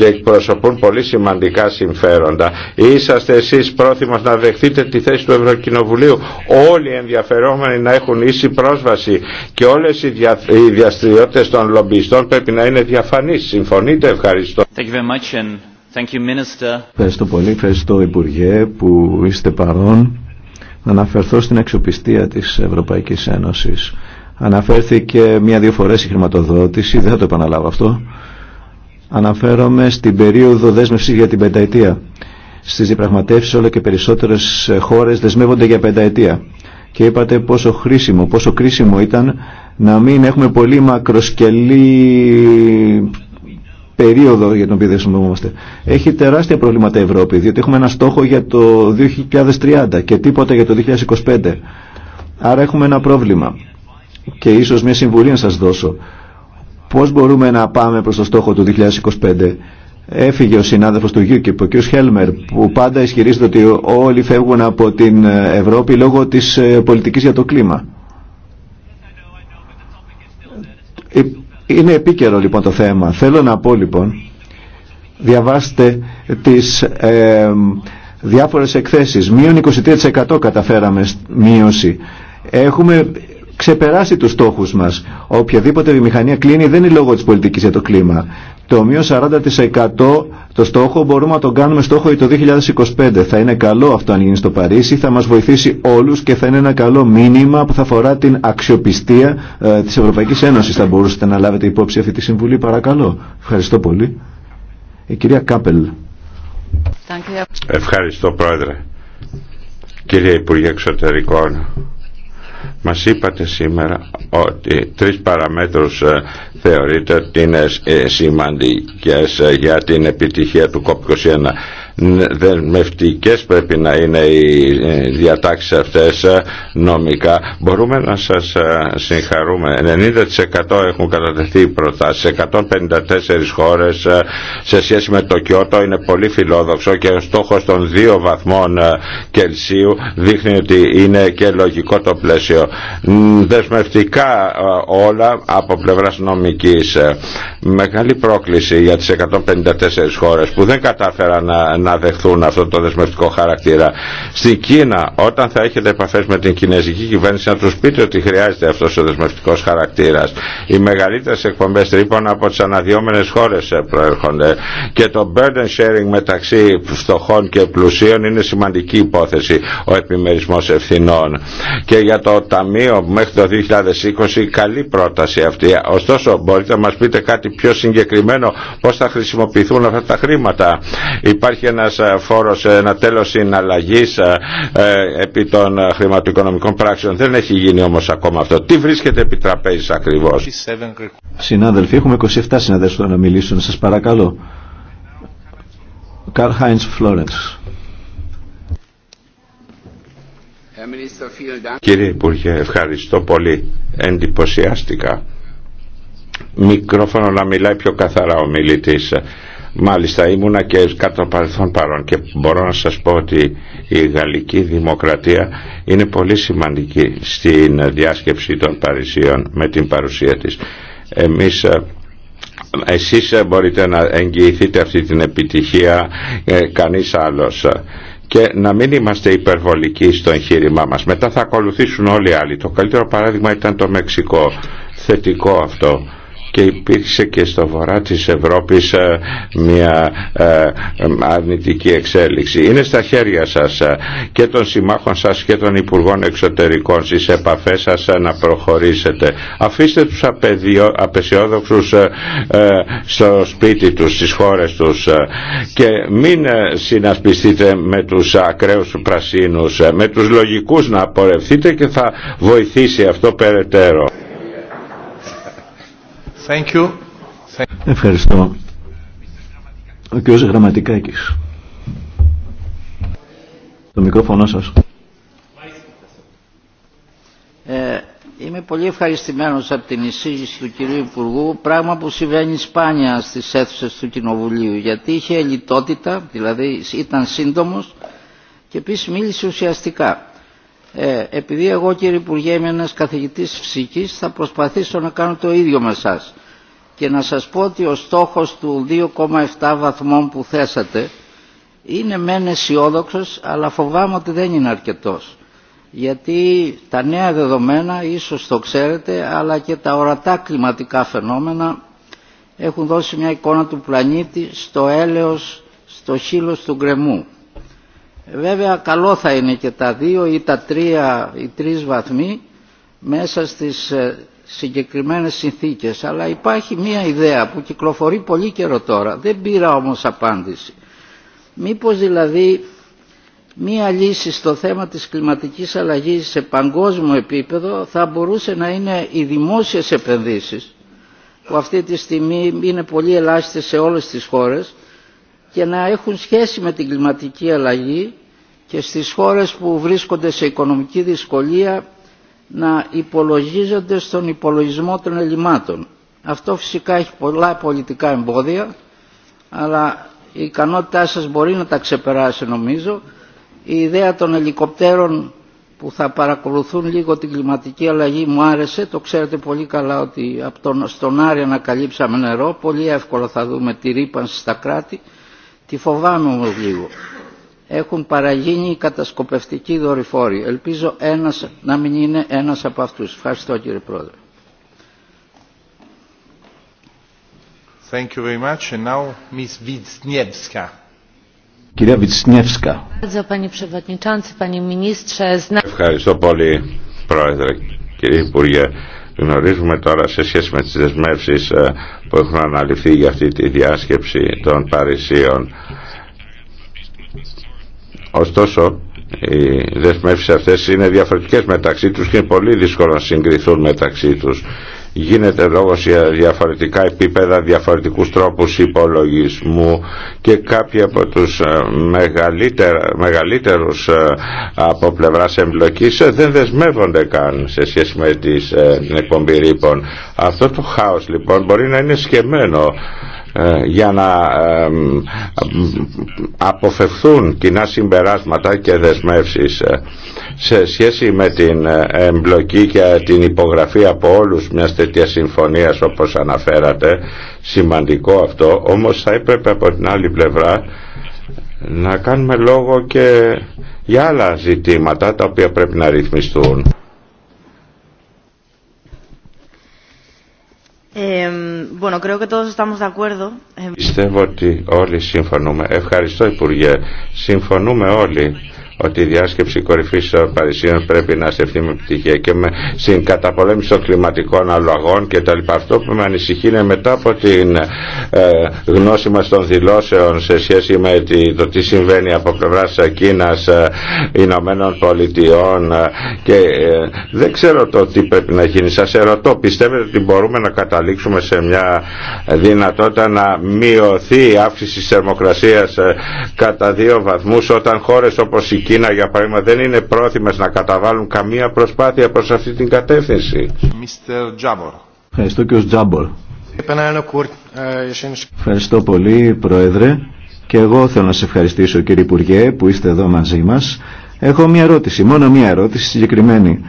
και εκπροσωπούν πολύ σημαντικά συμφέροντα. Είσαστε εσείς πρόθυμος να δεχτείτε τη θέση του Ευρωκοινοβουλίου όλοι οι ενδιαφερόμενοι να έχουν ίση πρόσβαση και όλες οι, δια, διαστηριότητες των λομπιστών πρέπει να είναι διαφανείς. Συμφωνείτε, ευχαριστώ. Ευχαριστώ πολύ, ευχαριστώ Υπουργέ που είστε παρόν. Να αναφερθώ στην αξιοπιστία της Ευρωπαϊκής Ένωσης. Αναφέρθηκε μία-δύο φορές η χρηματοδότηση, δεν θα το επαναλάβω αυτό. Αναφέρομαι στην περίοδο δέσμευση για την πενταετία. Στις διπραγματεύσεις όλο και περισσότερες χώρες δεσμεύονται για πενταετία. Και είπατε πόσο χρήσιμο, πόσο κρίσιμο ήταν να μην έχουμε πολύ μακροσκελή περίοδο για την οποία δεσμευόμαστε. Έχει τεράστια προβλήματα η Ευρώπη, διότι έχουμε ένα στόχο για το 2030 και τίποτα για το 2025. Άρα έχουμε ένα πρόβλημα και ίσως μια συμβουλή να σας δώσω. Πώς μπορούμε να πάμε προς το στόχο του 2025. Έφυγε ο συνάδελφος του UKIP, ο κ. Χέλμερ, που πάντα ισχυρίζεται ότι όλοι φεύγουν από την Ευρώπη λόγω της ε, πολιτικής για το κλίμα. Ε, είναι επίκαιρο λοιπόν το θέμα. Θέλω να πω λοιπόν, διαβάστε τις ε, διάφορες εκθέσεις. Μείον 23% καταφέραμε μείωση. Έχουμε ξεπεράσει τους στόχους μας. Οποιαδήποτε μηχανία κλείνει δεν είναι λόγω της πολιτικής για το κλίμα. Το μείον 40% το στόχο μπορούμε να τον κάνουμε στόχο για το 2025. Θα είναι καλό αυτό αν γίνει στο Παρίσι, θα μας βοηθήσει όλους και θα είναι ένα καλό μήνυμα που θα αφορά την αξιοπιστία ε, της Ευρωπαϊκής Ένωσης. Θα μπορούσατε να λάβετε υπόψη αυτή τη συμβουλή παρακαλώ. Ευχαριστώ πολύ. Η κυρία Κάπελ. Ευχαριστώ πρόεδρε. Κύριε Υπουργέ Εξωτερικών. Μας είπατε σήμερα ότι τρεις παραμέτρους ε, θεωρείτε ότι είναι ε, σημαντικές ε, για την επιτυχία του COP21. Δεσμευτικές πρέπει να είναι οι ε, διατάξεις αυτές νομικά. Μπορούμε να σας συγχαρούμε. 90% έχουν κατατεθεί οι προτάσεις. 154 χώρες σε σχέση με το Κιώτο είναι πολύ φιλόδοξο και ο στόχος των δύο βαθμών Κελσίου δείχνει ότι είναι και λογικό το πλαίσιο. Δεσμευτικά όλα από πλευράς νομικών. Ε, μεγάλη πρόκληση για τις 154 χώρες που δεν κατάφεραν να, να δεχθούν αυτό το δεσμευτικό χαρακτήρα. Στην Κίνα, όταν θα έχετε επαφές με την κινέζικη κυβέρνηση, να τους πείτε ότι χρειάζεται αυτός ο δεσμευτικός χαρακτήρας. Οι μεγαλύτερες εκπομπές τρύπων από τις αναδυόμενες χώρες ε, προέρχονται και το burden sharing μεταξύ φτωχών και πλουσίων είναι σημαντική υπόθεση ο επιμερισμός ευθυνών. Και για το Ταμείο μέχρι το 2020 καλή πρόταση αυτή. Ωστόσο Μπορείτε να μας πείτε κάτι πιο συγκεκριμένο πώς θα χρησιμοποιηθούν αυτά τα χρήματα. Υπάρχει ένας ε, φόρος, ε, ένα τέλος συναλλαγής ε, επί των χρηματοοικονομικών πράξεων. Δεν έχει γίνει όμως ακόμα αυτό. Τι βρίσκεται επί τραπέζης ακριβώς. Συνάδελφοι, έχουμε 27 συναδέλφους να μιλήσουν. Σας παρακαλώ. Χάιντς Φλόρεντς. Κύριε Υπουργέ, ευχαριστώ πολύ. Εντυπωσιάστηκα Μικρόφωνο να μιλάει πιο καθαρά ο μιλητής. Μάλιστα ήμουνα και κάτω παρελθόν παρόν και μπορώ να σας πω ότι η γαλλική δημοκρατία είναι πολύ σημαντική στην διάσκεψη των Παρισίων με την παρουσία της. Εμείς ε, εσείς ε, μπορείτε να εγγυηθείτε αυτή την επιτυχία ε, κανείς άλλος και να μην είμαστε υπερβολικοί στο εγχείρημά μας. Μετά θα ακολουθήσουν όλοι οι άλλοι. Το καλύτερο παράδειγμα ήταν το Μεξικό. Θετικό αυτό και υπήρξε και στο βορρά της Ευρώπης ε, μια ε, αρνητική εξέλιξη. Είναι στα χέρια σας ε, και των συμμάχων σας και των Υπουργών Εξωτερικών στις επαφές σας να προχωρήσετε. Αφήστε τους απεσιόδοξους στο σπίτι τους, στις χώρες τους και μην συνασπιστείτε με τους ακραίους πρασίνους, με τους λογικούς να απορρευθείτε και θα βοηθήσει αυτό περαιτέρω. Ευχαριστώ. Ο κ. Γραμματικάκης. Το μικρόφωνο σας. Ε, είμαι πολύ ευχαριστημένος από την εισήγηση του κυρίου Υπουργού, πράγμα που συμβαίνει σπάνια στις αίθουσες του Κοινοβουλίου, γιατί είχε λιτότητα, δηλαδή ήταν σύντομος και επίσης μίλησε ουσιαστικά. Ε, επειδή εγώ κύριε Υπουργέ είμαι ένας καθηγητής φυσικής θα προσπαθήσω να κάνω το ίδιο με σας και να σας πω ότι ο στόχος του 2,7 βαθμών που θέσατε είναι μεν αισιόδοξο, αλλά φοβάμαι ότι δεν είναι αρκετός γιατί τα νέα δεδομένα ίσως το ξέρετε αλλά και τα ορατά κλιματικά φαινόμενα έχουν δώσει μια εικόνα του πλανήτη στο έλεος, στο χείλος του γκρεμού Βέβαια καλό θα είναι και τα δύο ή τα τρία ή τρεις βαθμοί μέσα στις ε, συγκεκριμένες συνθήκες. Αλλά υπάρχει μία ιδέα που κυκλοφορεί πολύ καιρό τώρα. Δεν πήρα όμως απάντηση. Μήπως δηλαδή μία λύση στο θέμα της κλιματικής αλλαγής σε παγκόσμιο επίπεδο θα μπορούσε να είναι οι δημόσιες επενδύσεις που αυτή τη στιγμή είναι πολύ ελάχιστε σε όλες τις χώρες και να έχουν σχέση με την κλιματική αλλαγή και στις χώρες που βρίσκονται σε οικονομική δυσκολία να υπολογίζονται στον υπολογισμό των ελλημάτων. Αυτό φυσικά έχει πολλά πολιτικά εμπόδια, αλλά η ικανότητά σας μπορεί να τα ξεπεράσει νομίζω. Η ιδέα των ελικοπτέρων που θα παρακολουθούν λίγο την κλιματική αλλαγή μου άρεσε. Το ξέρετε πολύ καλά ότι από τον, στον Άρη ανακαλύψαμε νερό. Πολύ εύκολο θα δούμε τη ρήπανση στα κράτη. Τη φοβάμαι όμως λίγο. Έχουν παραγίνει κατασκοπευτικοί δορυφόροι. Ελπίζω ένας, να μην είναι ένας από αυτούς. Ευχαριστώ κύριε Πρόεδρε. Thank you very much. And now, Ms. Κυρία Βιτσνιεύσκα. Ευχαριστώ πολύ, Πρόεδρε, κύριε Υπουργέ. Γνωρίζουμε τώρα σε σχέση με τις δεσμεύσεις ε, που έχουν αναλυθεί για αυτή τη διάσκεψη των Παρισίων. Ωστόσο, οι δεσμεύσεις αυτές είναι διαφορετικές μεταξύ τους και είναι πολύ δύσκολο να συγκριθούν μεταξύ τους γίνεται λόγο για διαφορετικά επίπεδα, διαφορετικούς τρόπους υπολογισμού και κάποιοι από τους ε, μεγαλύτερους ε, από πλευράς εμπλοκής ε, δεν δεσμεύονται καν σε σχέση με τις εκπομπή Αυτό το χάος λοιπόν μπορεί να είναι σχεμένο ε, για να αποφευθούν κοινά συμπεράσματα και δεσμεύσεις ε, σε σχέση με την ε, εμπλοκή και την υπογραφή από όλους μιας τέτοια συμφωνίας όπως αναφέρατε σημαντικό αυτό όμως θα έπρεπε από την άλλη πλευρά να κάνουμε λόγο και για άλλα ζητήματα τα οποία πρέπει να ρυθμιστούν Πιστεύω ότι όλοι συμφωνούμε. Ευχαριστώ Υπουργέ. Συμφωνούμε όλοι ότι η διάσκεψη κορυφή των Παρισίων πρέπει να στεφθεί με πτυχία και με, συγκαταπολέμηση των κλιματικών αλλαγών κτλ. Αυτό που με ανησυχεί είναι μετά από την ε, γνώση μα των δηλώσεων σε σχέση με το τι συμβαίνει από πλευρά ε, Ηνωμένων Πολιτειών ε, και ε, δεν ξέρω το τι πρέπει να γίνει. Σα ερωτώ, πιστεύετε ότι μπορούμε να καταλήξουμε σε μια δυνατότητα να μειωθεί η αύξηση της θερμοκρασία ε, κατά δύο βαθμού όταν χώρε όπω η Κίνα για παράδειγμα δεν είναι πρόθυμες να καταβάλουν καμία προσπάθεια προς αυτή την κατεύθυνση. Ευχαριστώ και ο Τζάμπορ. Ε, Ευχαριστώ πολύ Πρόεδρε και εγώ θέλω να σε ευχαριστήσω κύριε Υπουργέ που είστε εδώ μαζί μας. Έχω μια ερώτηση, μόνο μια ερώτηση συγκεκριμένη.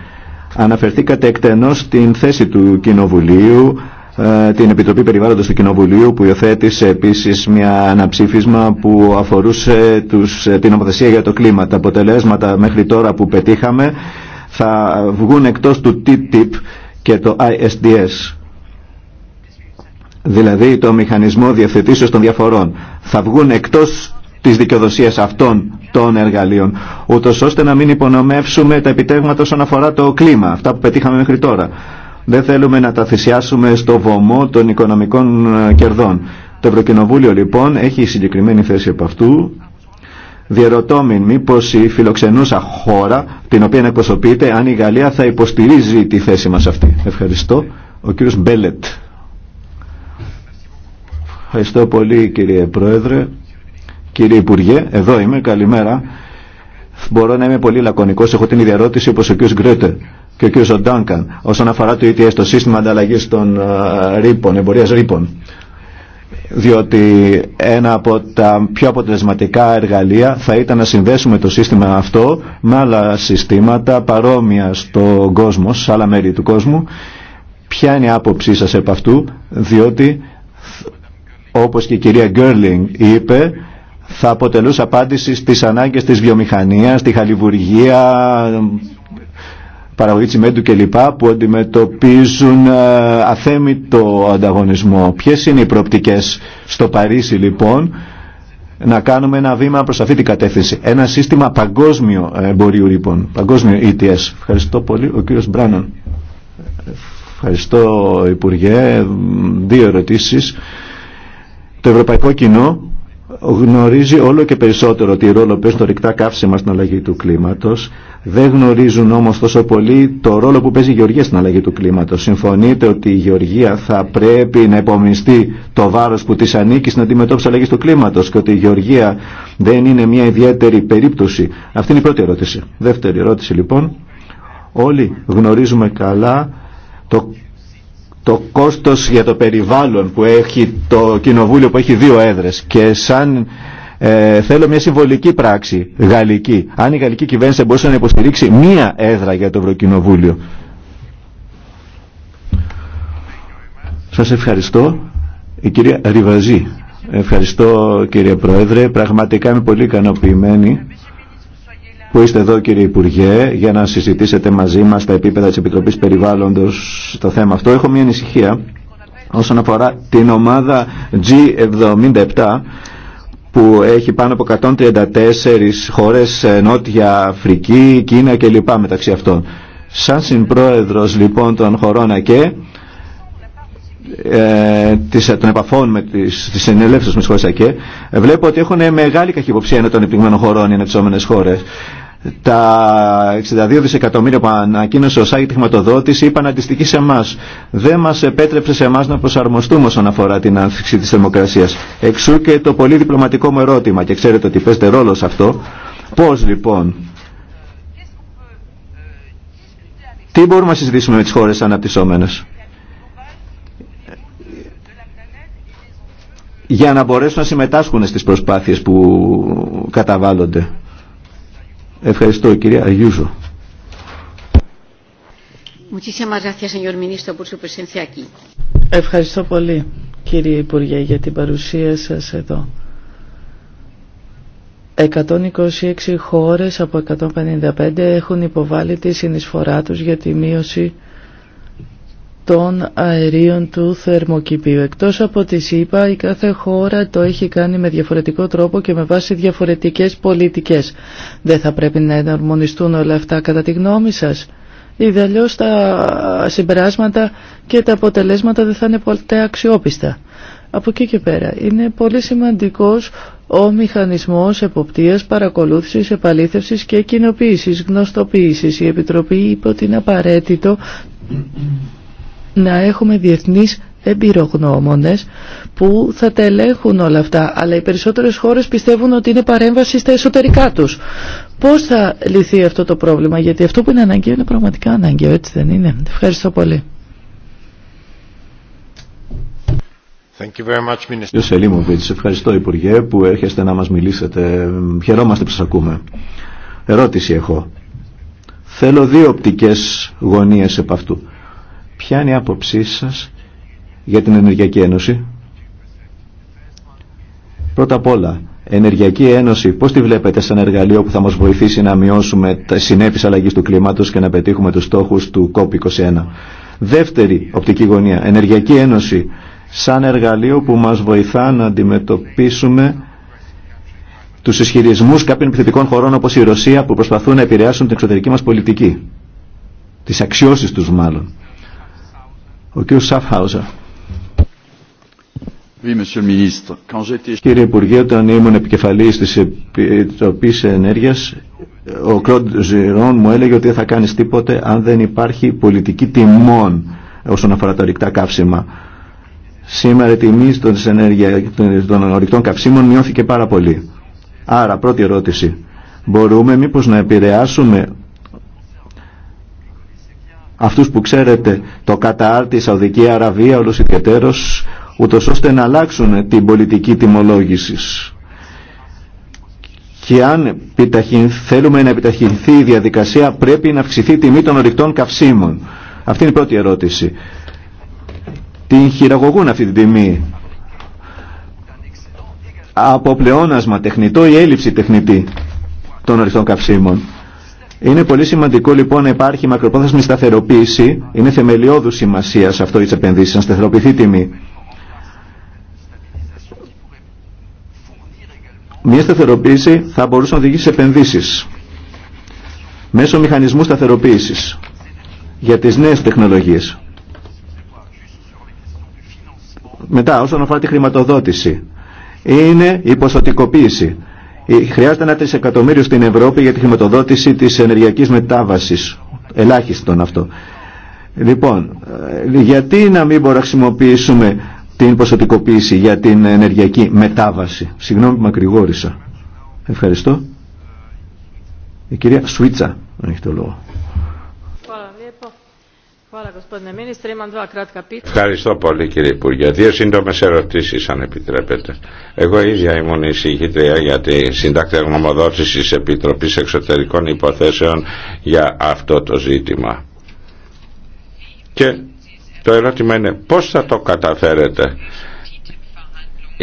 Αναφερθήκατε εκτενώς στην θέση του Κοινοβουλίου ε, την Επιτροπή Περιβάλλοντος του Κοινοβουλίου που υιοθέτησε επίσης μια αναψήφισμα που αφορούσε τους, ε, την νομοθεσία για το κλίμα. Τα αποτελέσματα μέχρι τώρα που πετύχαμε θα βγουν εκτός του TTIP και το ISDS. Δηλαδή το μηχανισμό διευθετήσεως των διαφορών. Θα βγουν εκτός της δικαιοδοσίας αυτών των εργαλείων, ούτως ώστε να μην υπονομεύσουμε τα επιτεύγματα όσον αφορά το κλίμα, αυτά που πετύχαμε μέχρι τώρα. Δεν θέλουμε να τα θυσιάσουμε στο βωμό των οικονομικών ε, κερδών. Το Ευρωκοινοβούλιο λοιπόν έχει συγκεκριμένη θέση από αυτού. Διερωτώ η φιλοξενούσα χώρα την οποία εκπροσωπείται αν η Γαλλία θα υποστηρίζει τη θέση μας αυτή. Ευχαριστώ. Ο κύριος Μπέλετ. Ευχαριστώ πολύ κύριε Πρόεδρε. Κύριε Υπουργέ, εδώ είμαι, καλημέρα. Μπορώ να είμαι πολύ λακωνικό. έχω την ίδια ερώτηση ο κύριο Γκρέτε και ο κ. Ντάνκαν όσον αφορά το ETS, το σύστημα ανταλλαγή των ε, ρήπων, εμπορία ρήπων. Διότι ένα από τα πιο αποτελεσματικά εργαλεία θα ήταν να συνδέσουμε το σύστημα αυτό με άλλα συστήματα παρόμοια στον κόσμο, σε άλλα μέρη του κόσμου. Ποια είναι η άποψή σας επ' αυτού, διότι όπως και η κυρία Γκέρλινγκ είπε, θα αποτελούσε απάντηση στις ανάγκες της βιομηχανίας, στη χαλιβουργία, παραγωγή τσιμέντου κλπ. που αντιμετωπίζουν ε, αθέμητο ανταγωνισμό. Ποιε είναι οι προοπτικέ στο Παρίσι λοιπόν να κάνουμε ένα βήμα προς αυτή την κατεύθυνση. Ένα σύστημα παγκόσμιο εμπορίου λοιπόν, παγκόσμιο ETS. Ευχαριστώ πολύ ο κύριος Μπράνον. Ευχαριστώ Υπουργέ. Δύο ερωτήσεις. Το ευρωπαϊκό κοινό γνωρίζει όλο και περισσότερο τι ρόλο παίζουν τα ρηκτά καύσιμα στην αλλαγή του κλίματος δεν γνωρίζουν όμως τόσο πολύ το ρόλο που παίζει η γεωργία στην αλλαγή του κλίματος. Συμφωνείτε ότι η γεωργία θα πρέπει να υπομειστεί το βάρος που της ανήκει στην αντιμετώπιση αλλαγής του κλίματος και ότι η γεωργία δεν είναι μια ιδιαίτερη περίπτωση. Αυτή είναι η πρώτη ερώτηση. Δεύτερη ερώτηση λοιπόν. Όλοι γνωρίζουμε καλά το, το κόστος για το περιβάλλον που έχει το κοινοβούλιο που έχει δύο έδρες και σαν ε, θέλω μια συμβολική πράξη γαλλική. Αν η γαλλική κυβέρνηση μπορούσε να υποστηρίξει μία έδρα για το Ευρωκοινοβούλιο. Σας ευχαριστώ. Η κυρία Ριβαζή. Ευχαριστώ κύριε Πρόεδρε. Πραγματικά είμαι πολύ ικανοποιημένη που είστε εδώ κύριε Υπουργέ για να συζητήσετε μαζί μας τα επίπεδα της Επιτροπής Περιβάλλοντος το θέμα αυτό. Έχω μια ανησυχία όσον αφορά την ομάδα G77 που έχει πάνω από 134 χώρες ε, Νότια Αφρική, Κίνα κλπ. μεταξύ αυτών. Σαν συμπρόεδρος λοιπόν των χωρών ΑΚΕ, ε, των επαφών με τις, τις με τις χώρες ΑΚΕ, ε, βλέπω ότι έχουν μεγάλη καχυποψία ενώ των επιτυγμένων χωρών οι ανεξόμενες χώρες τα 62 δισεκατομμύρια που ανακοίνωσε ο ΣΑΙ τη είπαν αντιστοιχεί σε εμά. Δεν μα επέτρεψε σε εμά να προσαρμοστούμε όσον αφορά την άνθιξη τη θερμοκρασία. Εξού και το πολύ διπλωματικό μου ερώτημα, και ξέρετε ότι παίζεται ρόλο σε αυτό. Πώ λοιπόν, τι μπορούμε να συζητήσουμε με τι χώρε αναπτυσσόμενε. για να μπορέσουν να συμμετάσχουν στις προσπάθειες που καταβάλλονται. Ευχαριστώ κυρία Αγιούζο. Ευχαριστώ πολύ κύριε Υπουργέ για την παρουσία σας εδώ. 126 χώρες από 155 έχουν υποβάλει τη συνεισφορά τους για τη μείωση των αερίων του θερμοκηπίου. Εκτός από τη ΣΥΠΑ, η κάθε χώρα το έχει κάνει με διαφορετικό τρόπο και με βάση διαφορετικές πολιτικές. Δεν θα πρέπει να εναρμονιστούν όλα αυτά κατά τη γνώμη σας. Ιδαλλιώς τα συμπεράσματα και τα αποτελέσματα δεν θα είναι ποτέ αξιόπιστα. Από εκεί και πέρα είναι πολύ σημαντικός ο μηχανισμός εποπτείας, παρακολούθησης, επαλήθευσης και κοινοποίησης, γνωστοποίησης. Η Επιτροπή είπε ότι είναι απαραίτητο να έχουμε διεθνείς εμπειρογνώμονες που θα τα ελέγχουν όλα αυτά αλλά οι περισσότερες χώρες πιστεύουν ότι είναι παρέμβαση στα εσωτερικά τους πώς θα λυθεί αυτό το πρόβλημα γιατί αυτό που είναι αναγκαίο είναι πραγματικά αναγκαίο έτσι δεν είναι ευχαριστώ πολύ ευχαριστώ Υπουργέ που έρχεστε να μας μιλήσετε. Χαιρόμαστε που σας ακούμε. Ερώτηση έχω. Θέλω δύο οπτικές γωνίες επ' αυτού. Ποια είναι η άποψή σας για την Ενεργειακή Ένωση. Πρώτα απ' όλα, Ενεργειακή Ένωση, πώς τη βλέπετε σαν εργαλείο που θα μας βοηθήσει να μειώσουμε τα συνέπειες αλλαγής του κλίματος και να πετύχουμε τους στόχους του COP21. Δεύτερη οπτική γωνία, Ενεργειακή Ένωση, σαν εργαλείο που μας βοηθά να αντιμετωπίσουμε τους ισχυρισμού κάποιων επιθετικών χωρών όπως η Ρωσία που προσπαθούν να επηρεάσουν την εξωτερική μας πολιτική. Τις αξιώσεις τους μάλλον. Ο κ. Σαφχάουζα. Κύριε Υπουργέ, όταν ήμουν επικεφαλής της Επιτροπής Ενέργειας, ο Κλοντ Ζιρόν μου έλεγε ότι δεν θα κάνεις τίποτε αν δεν υπάρχει πολιτική τιμών όσον αφορά τα ορυκτά καύσιμα. Σήμερα η τιμή των, των ορυκτών καυσίμων μειώθηκε πάρα πολύ. Άρα, πρώτη ερώτηση. Μπορούμε μήπως να επηρεάσουμε αυτούς που ξέρετε το κατάρτι, τη Σαουδική Αραβία, όλους ιδιαιτέρως ούτως ώστε να αλλάξουν την πολιτική τιμολόγηση. Και αν θέλουμε να επιταχυνθεί η διαδικασία πρέπει να αυξηθεί η τιμή των ορυκτών καυσίμων. Αυτή είναι η πρώτη ερώτηση. Την χειραγωγούν αυτή την τιμή. Από πλεόνασμα τεχνητό ή έλλειψη τεχνητή των ορυκτών καυσίμων. Είναι πολύ σημαντικό λοιπόν να υπάρχει μακροπρόθεσμη σταθεροποίηση. Είναι θεμελιώδου σημασία αυτό τη επενδύσει, να σταθεροποιηθεί η τιμή. Μια σταθεροποίηση θα μπορούσε να οδηγήσει σε επενδύσει μέσω μηχανισμού σταθεροποίηση για τι νέε τεχνολογίε. Μετά, όσον αφορά τη χρηματοδότηση, είναι η ποσοτικοποίηση ε, χρειάζεται ένα τρισεκατομμύριο στην Ευρώπη για τη χρηματοδότηση της ενεργειακής μετάβασης. Ελάχιστον αυτό. Λοιπόν, ε, γιατί να μην μπορούμε να χρησιμοποιήσουμε την ποσοτικοποίηση για την ενεργειακή μετάβαση. Συγγνώμη που μακρηγόρησα. Ευχαριστώ. Η κυρία Σουίτσα έχει το λόγο. Ευχαριστώ πολύ κύριε Υπουργέ. Δύο σύντομε ερωτήσει αν επιτρέπετε. Εγώ ίδια ήμουν εισηγήτρια για τη συντάκτη γνωμοδότηση Επιτροπή Εξωτερικών Υποθέσεων για αυτό το ζήτημα. Και το ερώτημα είναι πώς θα το καταφέρετε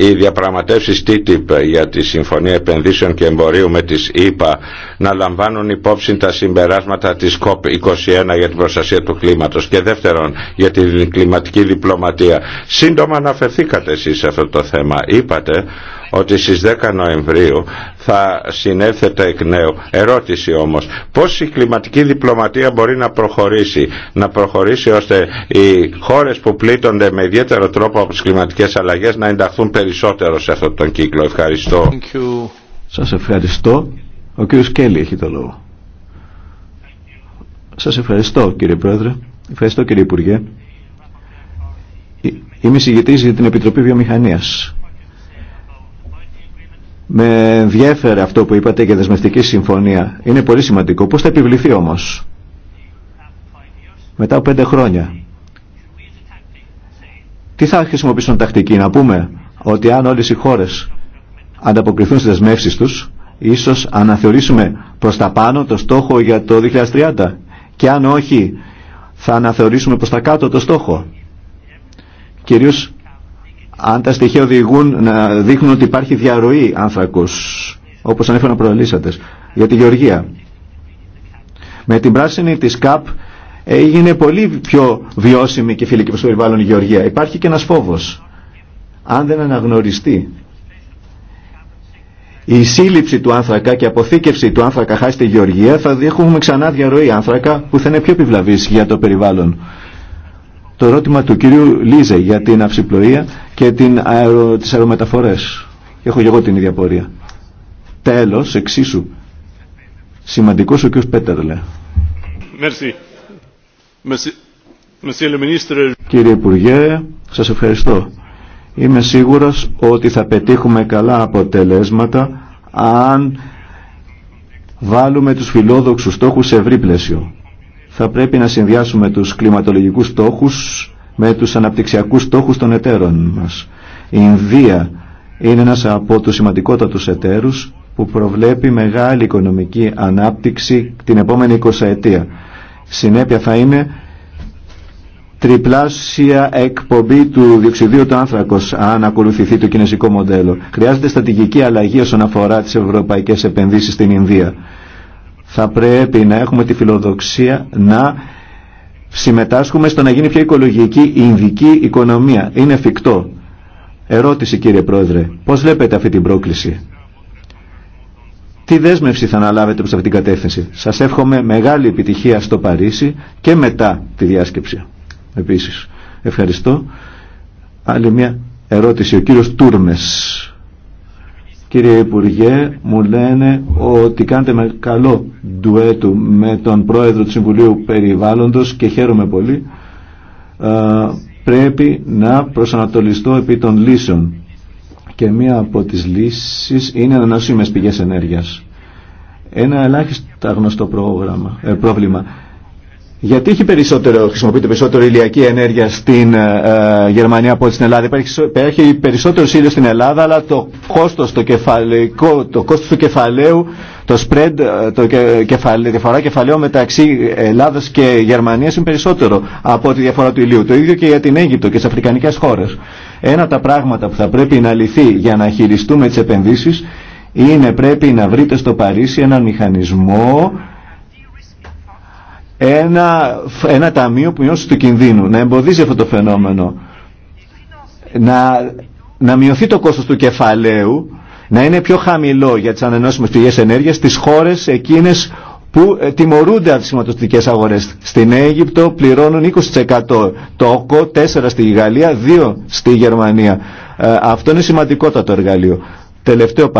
οι διαπραγματεύσεις TTIP για τη Συμφωνία Επενδύσεων και Εμπορίου με τις ΗΠΑ να λαμβάνουν υπόψη τα συμπεράσματα της COP21 για την προστασία του κλίματος και δεύτερον για την κλιματική διπλωματία. Σύντομα αναφερθήκατε εσείς σε αυτό το θέμα. Είπατε ότι στις 10 Νοεμβρίου θα συνέλθετε εκ νέου. Ερώτηση όμως, πώς η κλιματική διπλωματία μπορεί να προχωρήσει, να προχωρήσει ώστε οι χώρες που πλήττονται με ιδιαίτερο τρόπο από τις κλιματικές αλλαγές να ενταχθούν περισσότερο σε αυτόν τον κύκλο. Ευχαριστώ. Σας ευχαριστώ. Ο κύριος Κέλλη έχει το λόγο. Σας ευχαριστώ κύριε Πρόεδρε. Ευχαριστώ κύριε Υπουργέ. Είμαι συγγετής για την Επιτροπή Βιομηχανίας. Με ενδιέφερε αυτό που είπατε για δεσμευτική συμφωνία. Είναι πολύ σημαντικό. Πώς θα επιβληθεί όμως μετά από πέντε χρόνια. Τι θα χρησιμοποιήσουν τακτική να πούμε ότι αν όλες οι χώρες ανταποκριθούν στις δεσμεύσεις τους ίσως αναθεωρήσουμε προς τα πάνω το στόχο για το 2030 και αν όχι θα αναθεωρήσουμε προς τα κάτω το στόχο. Κυρίως αν τα στοιχεία οδηγούν να δείχνουν ότι υπάρχει διαρροή άνθρακος, όπως ανέφεραν προελίσσατες, για τη Γεωργία. Με την πράσινη της ΚΑΠ έγινε πολύ πιο βιώσιμη και φιλική προς το περιβάλλον η Γεωργία. Υπάρχει και ένας φόβος. Αν δεν αναγνωριστεί η σύλληψη του άνθρακα και αποθήκευση του άνθρακα χάσει στη Γεωργία θα έχουμε ξανά διαρροή άνθρακα που θα είναι πιο επιβλαβής για το περιβάλλον το ερώτημα του κυρίου Λίζε για την αυσιπλοεία και την αερο, τις αερομεταφορές. Έχω και εγώ την ίδια πορεία. Τέλος, εξίσου, σημαντικός ο κύριος Πέτερλε. Κύριε Υπουργέ, σας ευχαριστώ. Είμαι σίγουρος ότι θα πετύχουμε καλά αποτελέσματα αν βάλουμε τους φιλόδοξους στόχους σε ευρύ πλαίσιο θα πρέπει να συνδυάσουμε τους κλιματολογικούς στόχους με τους αναπτυξιακούς στόχους των εταίρων μας. Η Ινδία είναι ένας από τους σημαντικότατους εταίρους που προβλέπει μεγάλη οικονομική ανάπτυξη την επόμενη 20 ετία. Συνέπεια θα είναι τριπλάσια εκπομπή του διοξιδίου του άνθρακος αν ακολουθηθεί το κινέζικο μοντέλο. Χρειάζεται στρατηγική αλλαγή όσον αφορά τις ευρωπαϊκές επενδύσεις στην Ινδία θα πρέπει να έχουμε τη φιλοδοξία να συμμετάσχουμε στο να γίνει πιο οικολογική η ειδική οικονομία. Είναι εφικτό. Ερώτηση κύριε Πρόεδρε, πώς βλέπετε αυτή την πρόκληση. Τι δέσμευση θα αναλάβετε προς αυτή την κατεύθυνση. Σας εύχομαι μεγάλη επιτυχία στο Παρίσι και μετά τη διάσκεψη. Επίσης, ευχαριστώ. Άλλη μια ερώτηση, ο κύριος Τούρμες. Κύριε Υπουργέ, μου λένε ότι κάντε με καλό ντουέτου με τον Πρόεδρο του Συμβουλίου Περιβάλλοντος και χαίρομαι πολύ. Ε, πρέπει να προσανατολιστώ επί των λύσεων. Και μία από τις λύσεις είναι να πηγές ενέργειας. Ένα ελάχιστα γνωστό ε, πρόβλημα γιατί έχει περισσότερο, χρησιμοποιείται περισσότερο ηλιακή ενέργεια στην ε, ε, Γερμανία από ό,τι στην Ελλάδα. Υπάρχει, περισσότερο ήλιο στην Ελλάδα, αλλά το κόστο το το του κεφαλαίου, το spread, ε, το διαφορά κεφαλαίου μεταξύ Ελλάδα και Γερμανία είναι περισσότερο από τη διαφορά του ηλίου. Το ίδιο και για την Αίγυπτο και τι αφρικανικές χώρε. Ένα από τα πράγματα που θα πρέπει να λυθεί για να χειριστούμε τι επενδύσει είναι πρέπει να βρείτε στο Παρίσι έναν μηχανισμό ένα, ένα ταμείο που μειώσει του κινδύνου, να εμποδίζει αυτό το φαινόμενο, να, να μειωθεί το κόστος του κεφαλαίου, να είναι πιο χαμηλό για τις ανανεώσιμες πηγές ενέργειας στις χώρες εκείνες που ε, τιμωρούνται από τις σηματοστικές αγορές. Στην Αίγυπτο πληρώνουν 20% το ΟΚΟ, 4% στη Γαλλία, 2% στη Γερμανία. Ε, αυτό είναι σημαντικότατο εργαλείο. Τελευταίο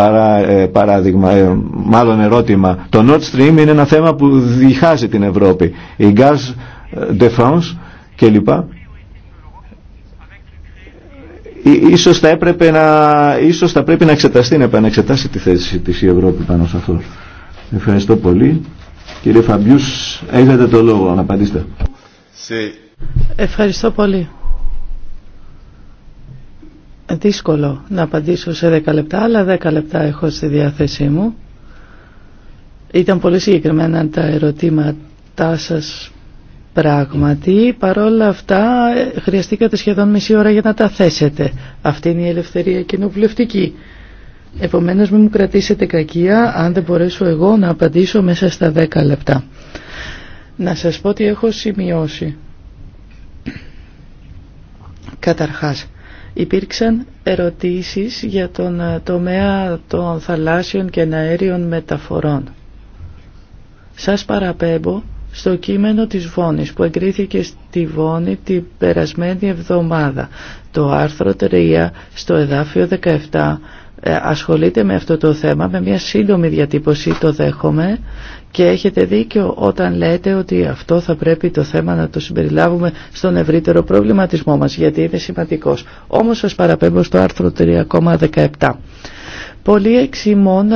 ε, παράδειγμα, ε, μάλλον ερώτημα. Το Nord Stream είναι ένα θέμα που διχάζει την Ευρώπη. Η Gaz ε, de France κλπ. Ίσως θα, έπρεπε να, ίσως θα πρέπει να εξεταστεί, να επανεξετάσει τη θέση της η Ευρώπη πάνω σε αυτό. Ευχαριστώ πολύ. Κύριε Φαμπιούς, έχετε το λόγο να απαντήσετε. Ευχαριστώ πολύ δύσκολο να απαντήσω σε 10 λεπτά, αλλά 10 λεπτά έχω στη διάθεσή μου. Ήταν πολύ συγκεκριμένα τα ερωτήματά σας πράγματι. Παρόλα αυτά ε, χρειαστήκατε σχεδόν μισή ώρα για να τα θέσετε. Αυτή είναι η ελευθερία κοινοβουλευτική. Επομένως μην μου κρατήσετε κακία αν δεν μπορέσω εγώ να απαντήσω μέσα στα 10 λεπτά. Να σας πω ότι έχω σημειώσει. Καταρχάς, υπήρξαν ερωτήσεις για τον ε, τομέα των θαλάσσιων και αέριων μεταφορών. Σας παραπέμπω στο κείμενο της Βόνης που εγκρίθηκε στη Βόνη την περασμένη εβδομάδα. Το άρθρο 3 στο εδάφιο 17 ε, ασχολείται με αυτό το θέμα με μια σύντομη διατύπωση το δέχομαι και έχετε δίκιο όταν λέτε ότι αυτό θα πρέπει το θέμα να το συμπεριλάβουμε στον ευρύτερο προβληματισμό μας, γιατί είναι σημαντικός. Όμως σας παραπέμπω στο άρθρο 3,17. Πολλοί εξ ημών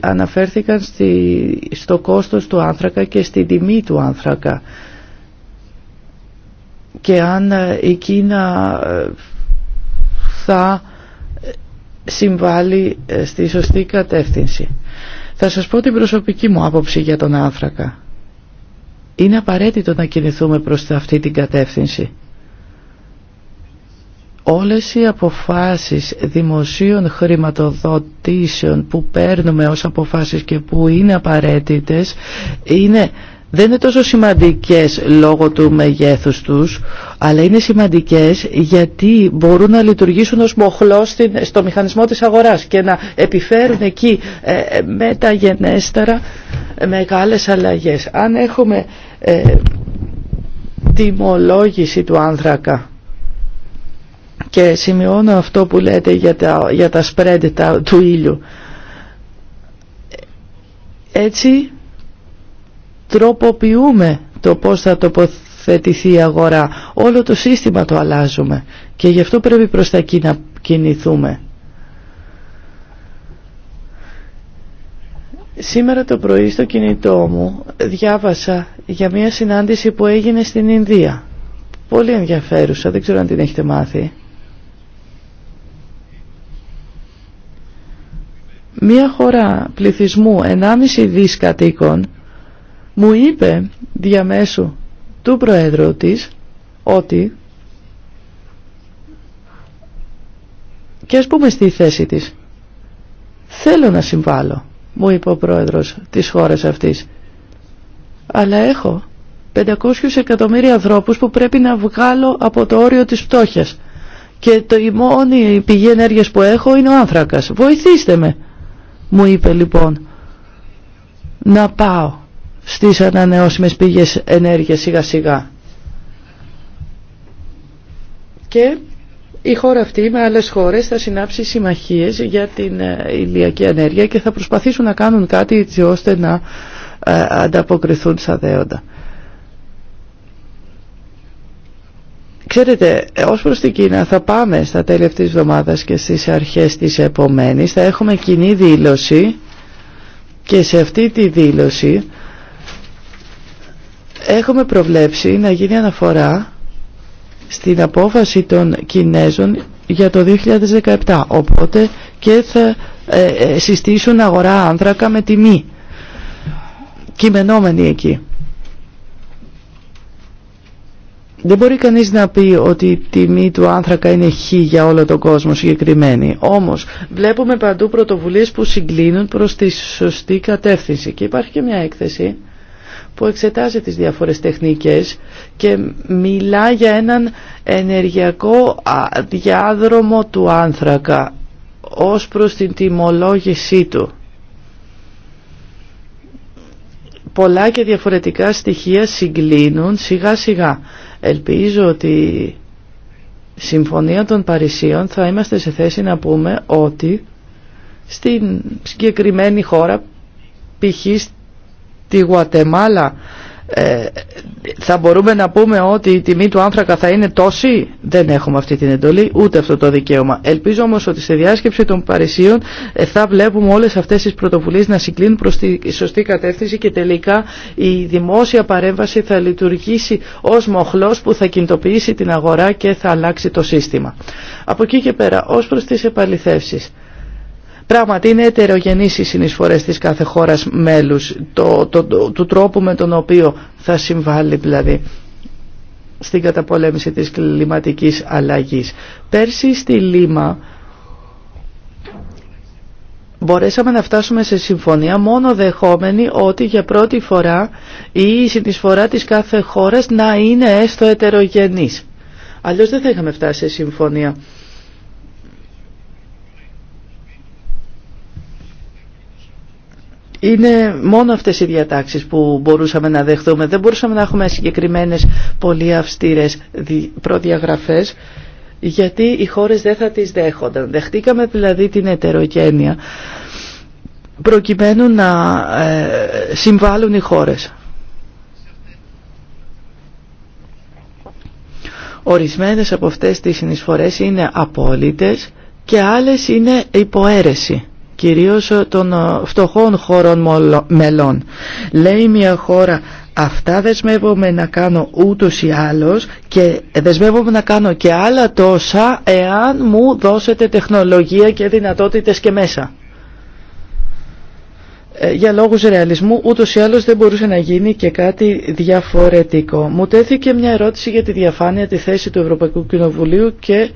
αναφέρθηκαν στη, στο κόστος του άνθρακα και στη τιμή του άνθρακα. Και αν ε, η Κίνα ε, θα ε, συμβάλλει στη σωστή κατεύθυνση. Θα σας πω την προσωπική μου άποψη για τον άνθρακα. Είναι απαραίτητο να κινηθούμε προς αυτή την κατεύθυνση. Όλες οι αποφάσεις δημοσίων χρηματοδοτήσεων που παίρνουμε ως αποφάσεις και που είναι απαραίτητες είναι δεν είναι τόσο σημαντικές λόγω του μεγέθους τους, αλλά είναι σημαντικές γιατί μπορούν να λειτουργήσουν ως μοχλό στο μηχανισμό της αγοράς και να επιφέρουν εκεί ε, ε, μεταγενέστερα ε, μεγάλες αλλαγές. Αν έχουμε ε, τιμολόγηση του άνθρακα, και σημειώνω αυτό που λέτε για τα, για του ήλιου. Έτσι τροποποιούμε το πώς θα τοποθετηθεί η αγορά. Όλο το σύστημα το αλλάζουμε και γι' αυτό πρέπει προς τα εκεί να κινηθούμε. Σήμερα το πρωί στο κινητό μου διάβασα για μια συνάντηση που έγινε στην Ινδία. Πολύ ενδιαφέρουσα, δεν ξέρω αν την έχετε μάθει. Μια χώρα πληθυσμού 1,5 δις κατοίκων μου είπε διαμέσου του Προέδρου της ότι και ας πούμε στη θέση της θέλω να συμβάλλω μου είπε ο Πρόεδρος της χώρας αυτής αλλά έχω 500 εκατομμύρια ανθρώπους που πρέπει να βγάλω από το όριο της πτώχειας και το, η μόνη πηγή ενέργειας που έχω είναι ο άνθρακας βοηθήστε με μου είπε λοιπόν να πάω στις ανανεώσιμες πηγές ενέργειας σιγά σιγά. Και η χώρα αυτή με άλλες χώρες θα συνάψει συμμαχίες για την ε, ηλιακή ενέργεια και θα προσπαθήσουν να κάνουν κάτι έτσι ώστε να ε, ανταποκριθούν στα δέοντα. Ξέρετε, ως προς την Κίνα θα πάμε στα τέλη αυτής της εβδομάδας και στις αρχές της επομένης. Θα έχουμε κοινή δήλωση και σε αυτή τη δήλωση έχουμε προβλέψει να γίνει αναφορά στην απόφαση των Κινέζων για το 2017. Οπότε και θα ε, ε, συστήσουν αγορά άνθρακα με τιμή. Κειμενόμενοι εκεί. Δεν μπορεί κανείς να πει ότι η τιμή του άνθρακα είναι χ για όλο τον κόσμο συγκεκριμένη. Όμως βλέπουμε παντού πρωτοβουλίες που συγκλίνουν προς τη σωστή κατεύθυνση. Και υπάρχει και μια έκθεση που εξετάζει τις διάφορες τεχνικές και μιλά για έναν ενεργειακό διάδρομο του άνθρακα ως προς την τιμολόγησή του. Πολλά και διαφορετικά στοιχεία συγκλίνουν σιγά σιγά. Ελπίζω ότι Συμφωνία των Παρισίων θα είμαστε σε θέση να πούμε ότι στην συγκεκριμένη χώρα π.χ τη Γουατεμάλα ε, θα μπορούμε να πούμε ότι η τιμή του άνθρακα θα είναι τόση δεν έχουμε αυτή την εντολή ούτε αυτό το δικαίωμα ελπίζω όμως ότι στη διάσκεψη των Παρισίων ε, θα βλέπουμε όλες αυτές τις πρωτοβουλίες να συγκλίνουν προς τη σωστή κατεύθυνση και τελικά η δημόσια παρέμβαση θα λειτουργήσει ως μοχλός που θα κινητοποιήσει την αγορά και θα αλλάξει το σύστημα από εκεί και πέρα ως προς τις επαληθεύσεις Πράγματι είναι ετερογενείς οι συνεισφορές της κάθε χώρας μέλους, του τρόπου με τον οποίο θα συμβάλλει δηλαδή στην καταπολέμηση της κλιματικής αλλαγής. Πέρσι στη Λίμα μπορέσαμε να φτάσουμε σε συμφωνία μόνο δεχόμενοι ότι για πρώτη φορά η συνεισφορά της κάθε χώρας να είναι έστω ετερογενής. Αλλιώς δεν θα είχαμε φτάσει σε συμφωνία Είναι μόνο αυτές οι διατάξεις που μπορούσαμε να δεχθούμε. Δεν μπορούσαμε να έχουμε συγκεκριμένες πολύ αυστηρές προδιαγραφές γιατί οι χώρες δεν θα τις δέχονταν. Δεχτήκαμε δηλαδή την ετερογένεια προκειμένου να ε, συμβάλλουν οι χώρες. Ορισμένες από αυτές τις συνεισφορές είναι απόλυτες και άλλες είναι υποαίρεση κυρίως ε, των ε, φτωχών χωρών μελών. Λέει μια χώρα αυτά δεσμεύομαι να κάνω ούτως ή άλλως και δεσμεύομαι να κάνω και άλλα τόσα εάν μου δώσετε τεχνολογία και δυνατότητες και μέσα. Ε, για λόγους ρεαλισμού ούτως ή άλλως δεν μπορούσε να γίνει και κάτι διαφορετικό. Μου τέθηκε μια ερώτηση για τη διαφάνεια, τη θέση του Ευρωπαϊκού Κοινοβουλίου και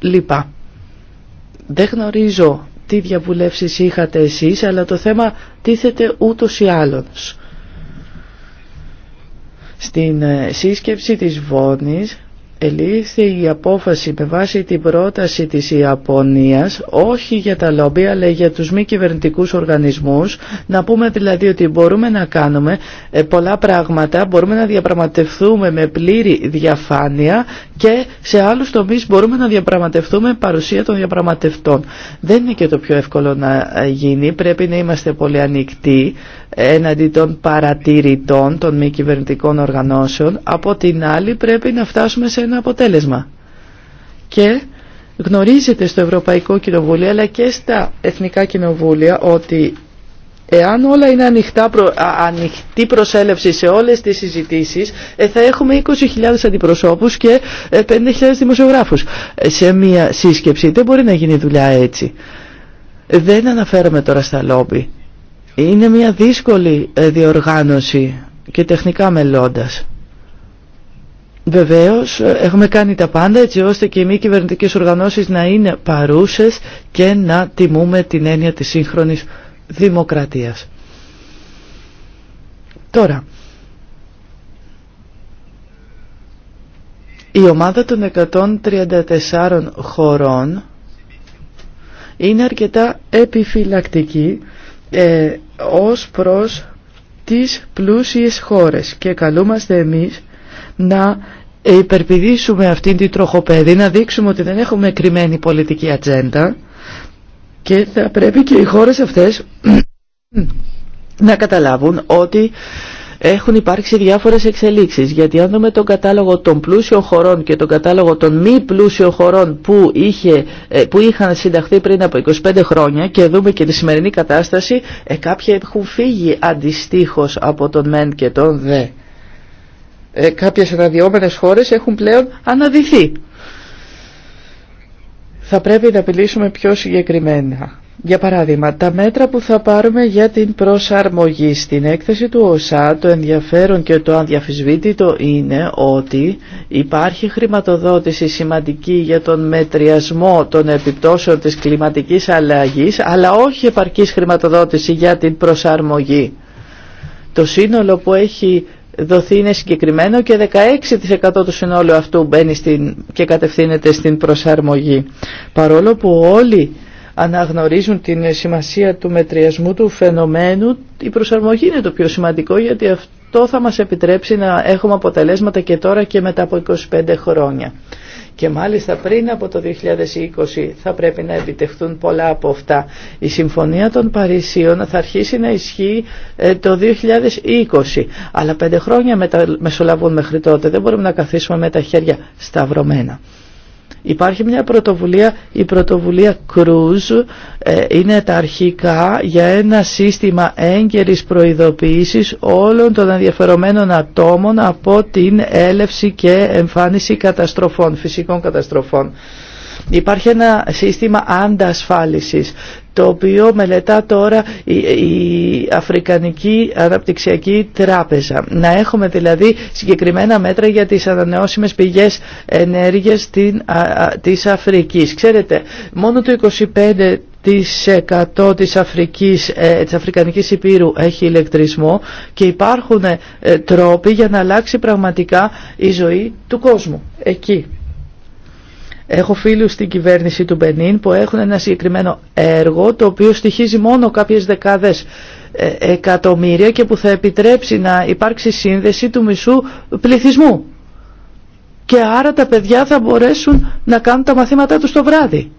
λοιπά. Δεν γνωρίζω τι διαβουλεύσεις είχατε εσείς, αλλά το θέμα τίθεται ούτως ή άλλως. Στην ε, σύσκεψη της Βόνης ελήφθη η απόφαση με βάση την πρόταση της Ιαπωνίας, όχι για τα λόμπι αλλά για τους μη κυβερνητικούς οργανισμούς, να πούμε δηλαδή ότι μπορούμε να κάνουμε ε, πολλά πράγματα, μπορούμε να διαπραγματευτούμε με πλήρη διαφάνεια και σε άλλους τομείς μπορούμε να διαπραγματευτούμε παρουσία των διαπραγματευτών. Δεν είναι και το πιο εύκολο να ε, γίνει, πρέπει να είμαστε πολύ ανοιχτοί, έναντι των παρατηρητών, των μη κυβερνητικών οργανώσεων. Από την άλλη πρέπει να φτάσουμε σε ένα αποτέλεσμα. Και γνωρίζετε στο Ευρωπαϊκό Κοινοβούλιο αλλά και στα Εθνικά Κοινοβούλια ότι εάν όλα είναι ανοιχτά, ανοιχτή προσέλευση σε όλες τις συζητήσεις ε, θα έχουμε 20.000 αντιπροσώπους και 5.000 ε, δημοσιογράφους ε, σε μία σύσκεψη. Δεν μπορεί να γίνει δουλειά έτσι. Δεν αναφέρομαι τώρα στα λόμπι είναι μια δύσκολη ε, διοργάνωση και τεχνικά μελώντας. Βεβαίως ε, έχουμε κάνει τα πάντα έτσι ώστε και οι μη κυβερνητικέ οργανώσεις να είναι παρούσες και να τιμούμε την έννοια της σύγχρονης δημοκρατίας. Τώρα, η ομάδα των 134 χωρών είναι αρκετά επιφυλακτική ε, ως προς τις πλούσιες χώρες και καλούμαστε εμείς να υπερπηδήσουμε αυτήν την τροχοπέδη, να δείξουμε ότι δεν έχουμε κρυμμένη πολιτική ατζέντα και θα πρέπει και οι χώρες αυτές να καταλάβουν ότι έχουν υπάρξει διάφορες εξελίξεις γιατί αν δούμε τον κατάλογο των πλούσιων χωρών και τον κατάλογο των μη πλούσιων χωρών που, είχε, ε, που είχαν συνταχθεί πριν από 25 χρόνια και δούμε και τη σημερινή κατάσταση ε, έχουν φύγει αντιστοίχω από τον μεν και τον δε. Ε, κάποιες αναδυόμενες χώρες έχουν πλέον αναδυθεί. Θα πρέπει να μιλήσουμε πιο συγκεκριμένα. Για παράδειγμα, τα μέτρα που θα πάρουμε για την προσαρμογή στην έκθεση του ΟΣΑ, το ενδιαφέρον και το ανδιαφυσβήτητο είναι ότι υπάρχει χρηματοδότηση σημαντική για τον μετριασμό των επιπτώσεων της κλιματικής αλλαγής, αλλά όχι επαρκής χρηματοδότηση για την προσαρμογή. Το σύνολο που έχει δοθεί είναι συγκεκριμένο και 16% του συνόλου αυτού μπαίνει στην, και κατευθύνεται στην προσαρμογή. Παρόλο που όλοι αναγνωρίζουν την σημασία του μετριασμού του φαινομένου, η προσαρμογή είναι το πιο σημαντικό γιατί αυτό θα μας επιτρέψει να έχουμε αποτελέσματα και τώρα και μετά από 25 χρόνια. Και μάλιστα πριν από το 2020 θα πρέπει να επιτευχθούν πολλά από αυτά. Η Συμφωνία των Παρισίων θα αρχίσει να ισχύει ε, το 2020. Αλλά πέντε χρόνια μεσολαβούν μέχρι τότε. Δεν μπορούμε να καθίσουμε με τα χέρια σταυρωμένα. Υπάρχει μια πρωτοβουλία, η πρωτοβουλία Cruise ε, είναι τα αρχικά για ένα σύστημα έγκαιρης προειδοποίησης όλων των ενδιαφερομένων ατόμων από την έλευση και εμφάνιση καταστροφών, φυσικών καταστροφών. Υπάρχει ένα σύστημα αντασφάλισης το οποίο μελετά τώρα η Αφρικανική Αναπτυξιακή Τράπεζα. Να έχουμε δηλαδή συγκεκριμένα μέτρα για τις ανανεώσιμες πηγές ενέργειας της Αφρικής. Ξέρετε, μόνο το 25% της 100 της, Αφρικής, ε, της Αφρικανικής Υπήρου έχει ηλεκτρισμό και υπάρχουν ε, τρόποι για να αλλάξει πραγματικά η ζωή του κόσμου εκεί. Έχω φίλους στην κυβέρνηση του Μπενίν που έχουν ένα συγκεκριμένο έργο το οποίο στοιχίζει μόνο κάποιες δεκάδες ε, εκατομμύρια και που θα επιτρέψει να υπάρξει σύνδεση του μισού πληθυσμού. Και άρα τα παιδιά θα μπορέσουν να κάνουν τα μαθήματά τους το βράδυ.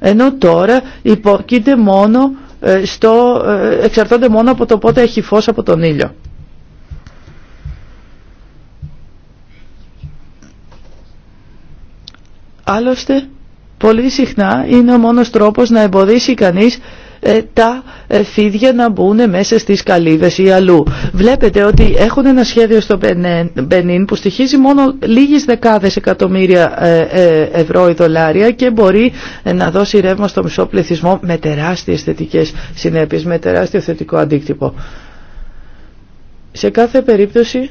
Ενώ τώρα υποκείται μόνο ε, στο, ε, εξαρτώνται μόνο από το πότε έχει φως από τον ήλιο. Άλλωστε, πολύ συχνά είναι ο μόνος τρόπος να εμποδίσει κανείς ε, τα ε, φίδια να μπουν μέσα στις καλύβες ή αλλού. Βλέπετε ότι έχουν ένα σχέδιο στο Μπενίν που στοιχίζει μόνο λίγες δεκάδες εκατομμύρια ε, ευρώ ή δολάρια και μπορεί να δώσει ρεύμα στο μισό πληθυσμό με τεράστιες θετικές συνέπειες, με τεράστιο θετικό αντίκτυπο. Σε κάθε περίπτωση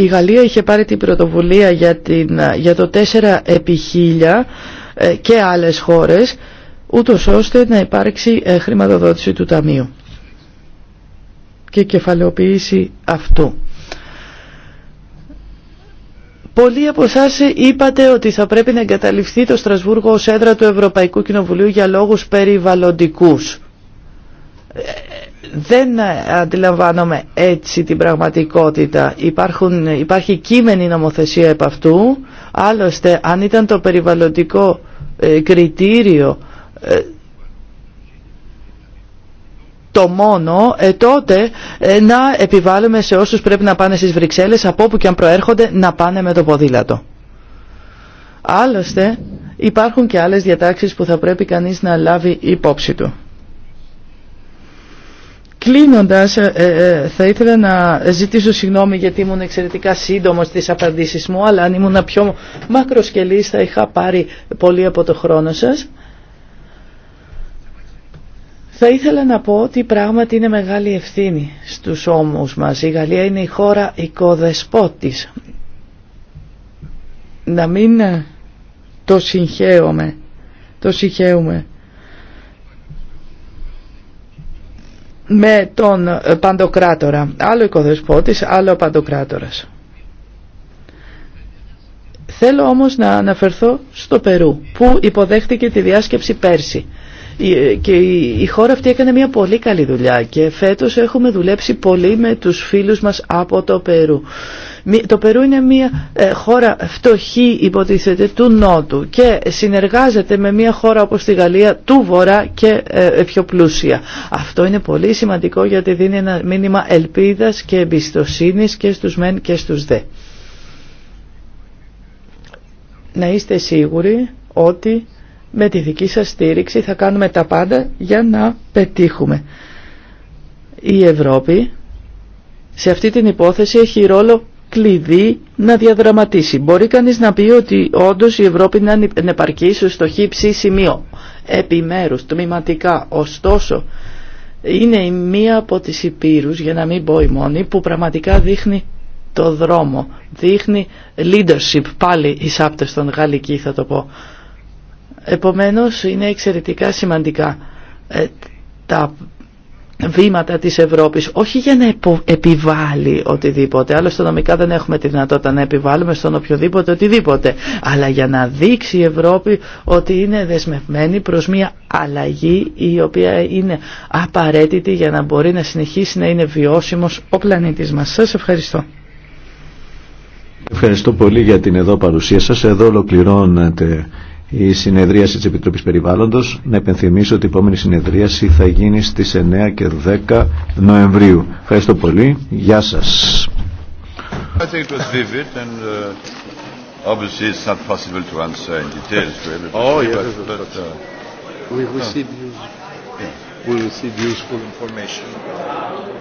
Η Γαλλία είχε πάρει την πρωτοβουλία για, την, για το 4 επί 1000 ε, και άλλες χώρες, ούτως ώστε να υπάρξει ε, χρηματοδότηση του Ταμείου και κεφαλαιοποίηση αυτού. Πολλοί από εσά είπατε ότι θα πρέπει να εγκαταλειφθεί το Στρασβούργο ως έδρα του Ευρωπαϊκού Κοινοβουλίου για λόγους περιβαλλοντικούς. Ε, δεν αντιλαμβάνομαι έτσι την πραγματικότητα. Υπάρχουν, υπάρχει κείμενη νομοθεσία επ' αυτού. Άλλωστε, αν ήταν το περιβαλλοντικό ε, κριτήριο ε, το μόνο, ε, τότε να επιβάλλουμε σε όσους πρέπει να πάνε στις Βρυξέλλες, από όπου και αν προέρχονται, να πάνε με το ποδήλατο. Άλλωστε, υπάρχουν και άλλες διατάξεις που θα πρέπει κανείς να λάβει υπόψη του. Κλείνοντας, ε, ε, ε, θα ήθελα να ζητήσω συγγνώμη γιατί ήμουν εξαιρετικά σύντομο στις απαντήσεις μου, αλλά αν ήμουν πιο μακροσκελής θα είχα πάρει πολύ από το χρόνο σας. Θα ήθελα να πω ότι πράγματι είναι μεγάλη ευθύνη στους ώμους μας. Η Γαλλία είναι η χώρα οικοδεσπότης. Να μην το συγχαίουμε. Το συγχαίουμε. με τον Παντοκράτορα. Άλλο οικοδεσπότης, άλλο Παντοκράτορας. Θέλω όμως να αναφερθώ στο Περού που υποδέχτηκε τη διάσκεψη πέρσι. Ε, και η χώρα αυτή έκανε μια πολύ καλή δουλειά και φέτος έχουμε δουλέψει πολύ με τους φίλους μας από το Περού. Το Περού είναι μια ε, χώρα φτωχή υποτίθεται του Νότου και συνεργάζεται με μια χώρα όπως τη Γαλλία του Βορρά και πιο ε, πλούσια. Αυτό είναι πολύ σημαντικό γιατί δίνει ένα μήνυμα ελπίδας και εμπιστοσύνης και στους μεν και στους δε. Να είστε σίγουροι ότι με τη δική σας στήριξη θα κάνουμε τα πάντα για να πετύχουμε. Η Ευρώπη σε αυτή την υπόθεση έχει ρόλο κλειδί να διαδραματίσει. Μπορεί κανείς να πει ότι όντως η Ευρώπη να είναι ανεπαρκή στο χύψη σημείο. Επιμέρους, τμηματικά, ωστόσο, είναι η μία από τις υπήρους, για να μην πω η μόνη, που πραγματικά δείχνει το δρόμο. Δείχνει leadership, πάλι εισάπτες στον γαλλική θα το πω. Επομένως είναι εξαιρετικά σημαντικά ε, τα βήματα της Ευρώπης όχι για να επιβάλλει οτιδήποτε άλλωστε νομικά δεν έχουμε τη δυνατότητα να επιβάλλουμε στον οποιοδήποτε οτιδήποτε αλλά για να δείξει η Ευρώπη ότι είναι δεσμευμένη προς μια αλλαγή η οποία είναι απαραίτητη για να μπορεί να συνεχίσει να είναι βιώσιμος ο πλανήτης μας. Σας ευχαριστώ. Ευχαριστώ πολύ για την εδώ παρουσία σας. Εδώ ολοκληρώνατε η συνεδρίαση της Επιτροπής Περιβάλλοντος. Να επενθυμίσω ότι η επόμενη συνεδρίαση θα γίνει στις 9 και 10 Νοεμβρίου. Ευχαριστώ πολύ. Γεια σας. We received useful information.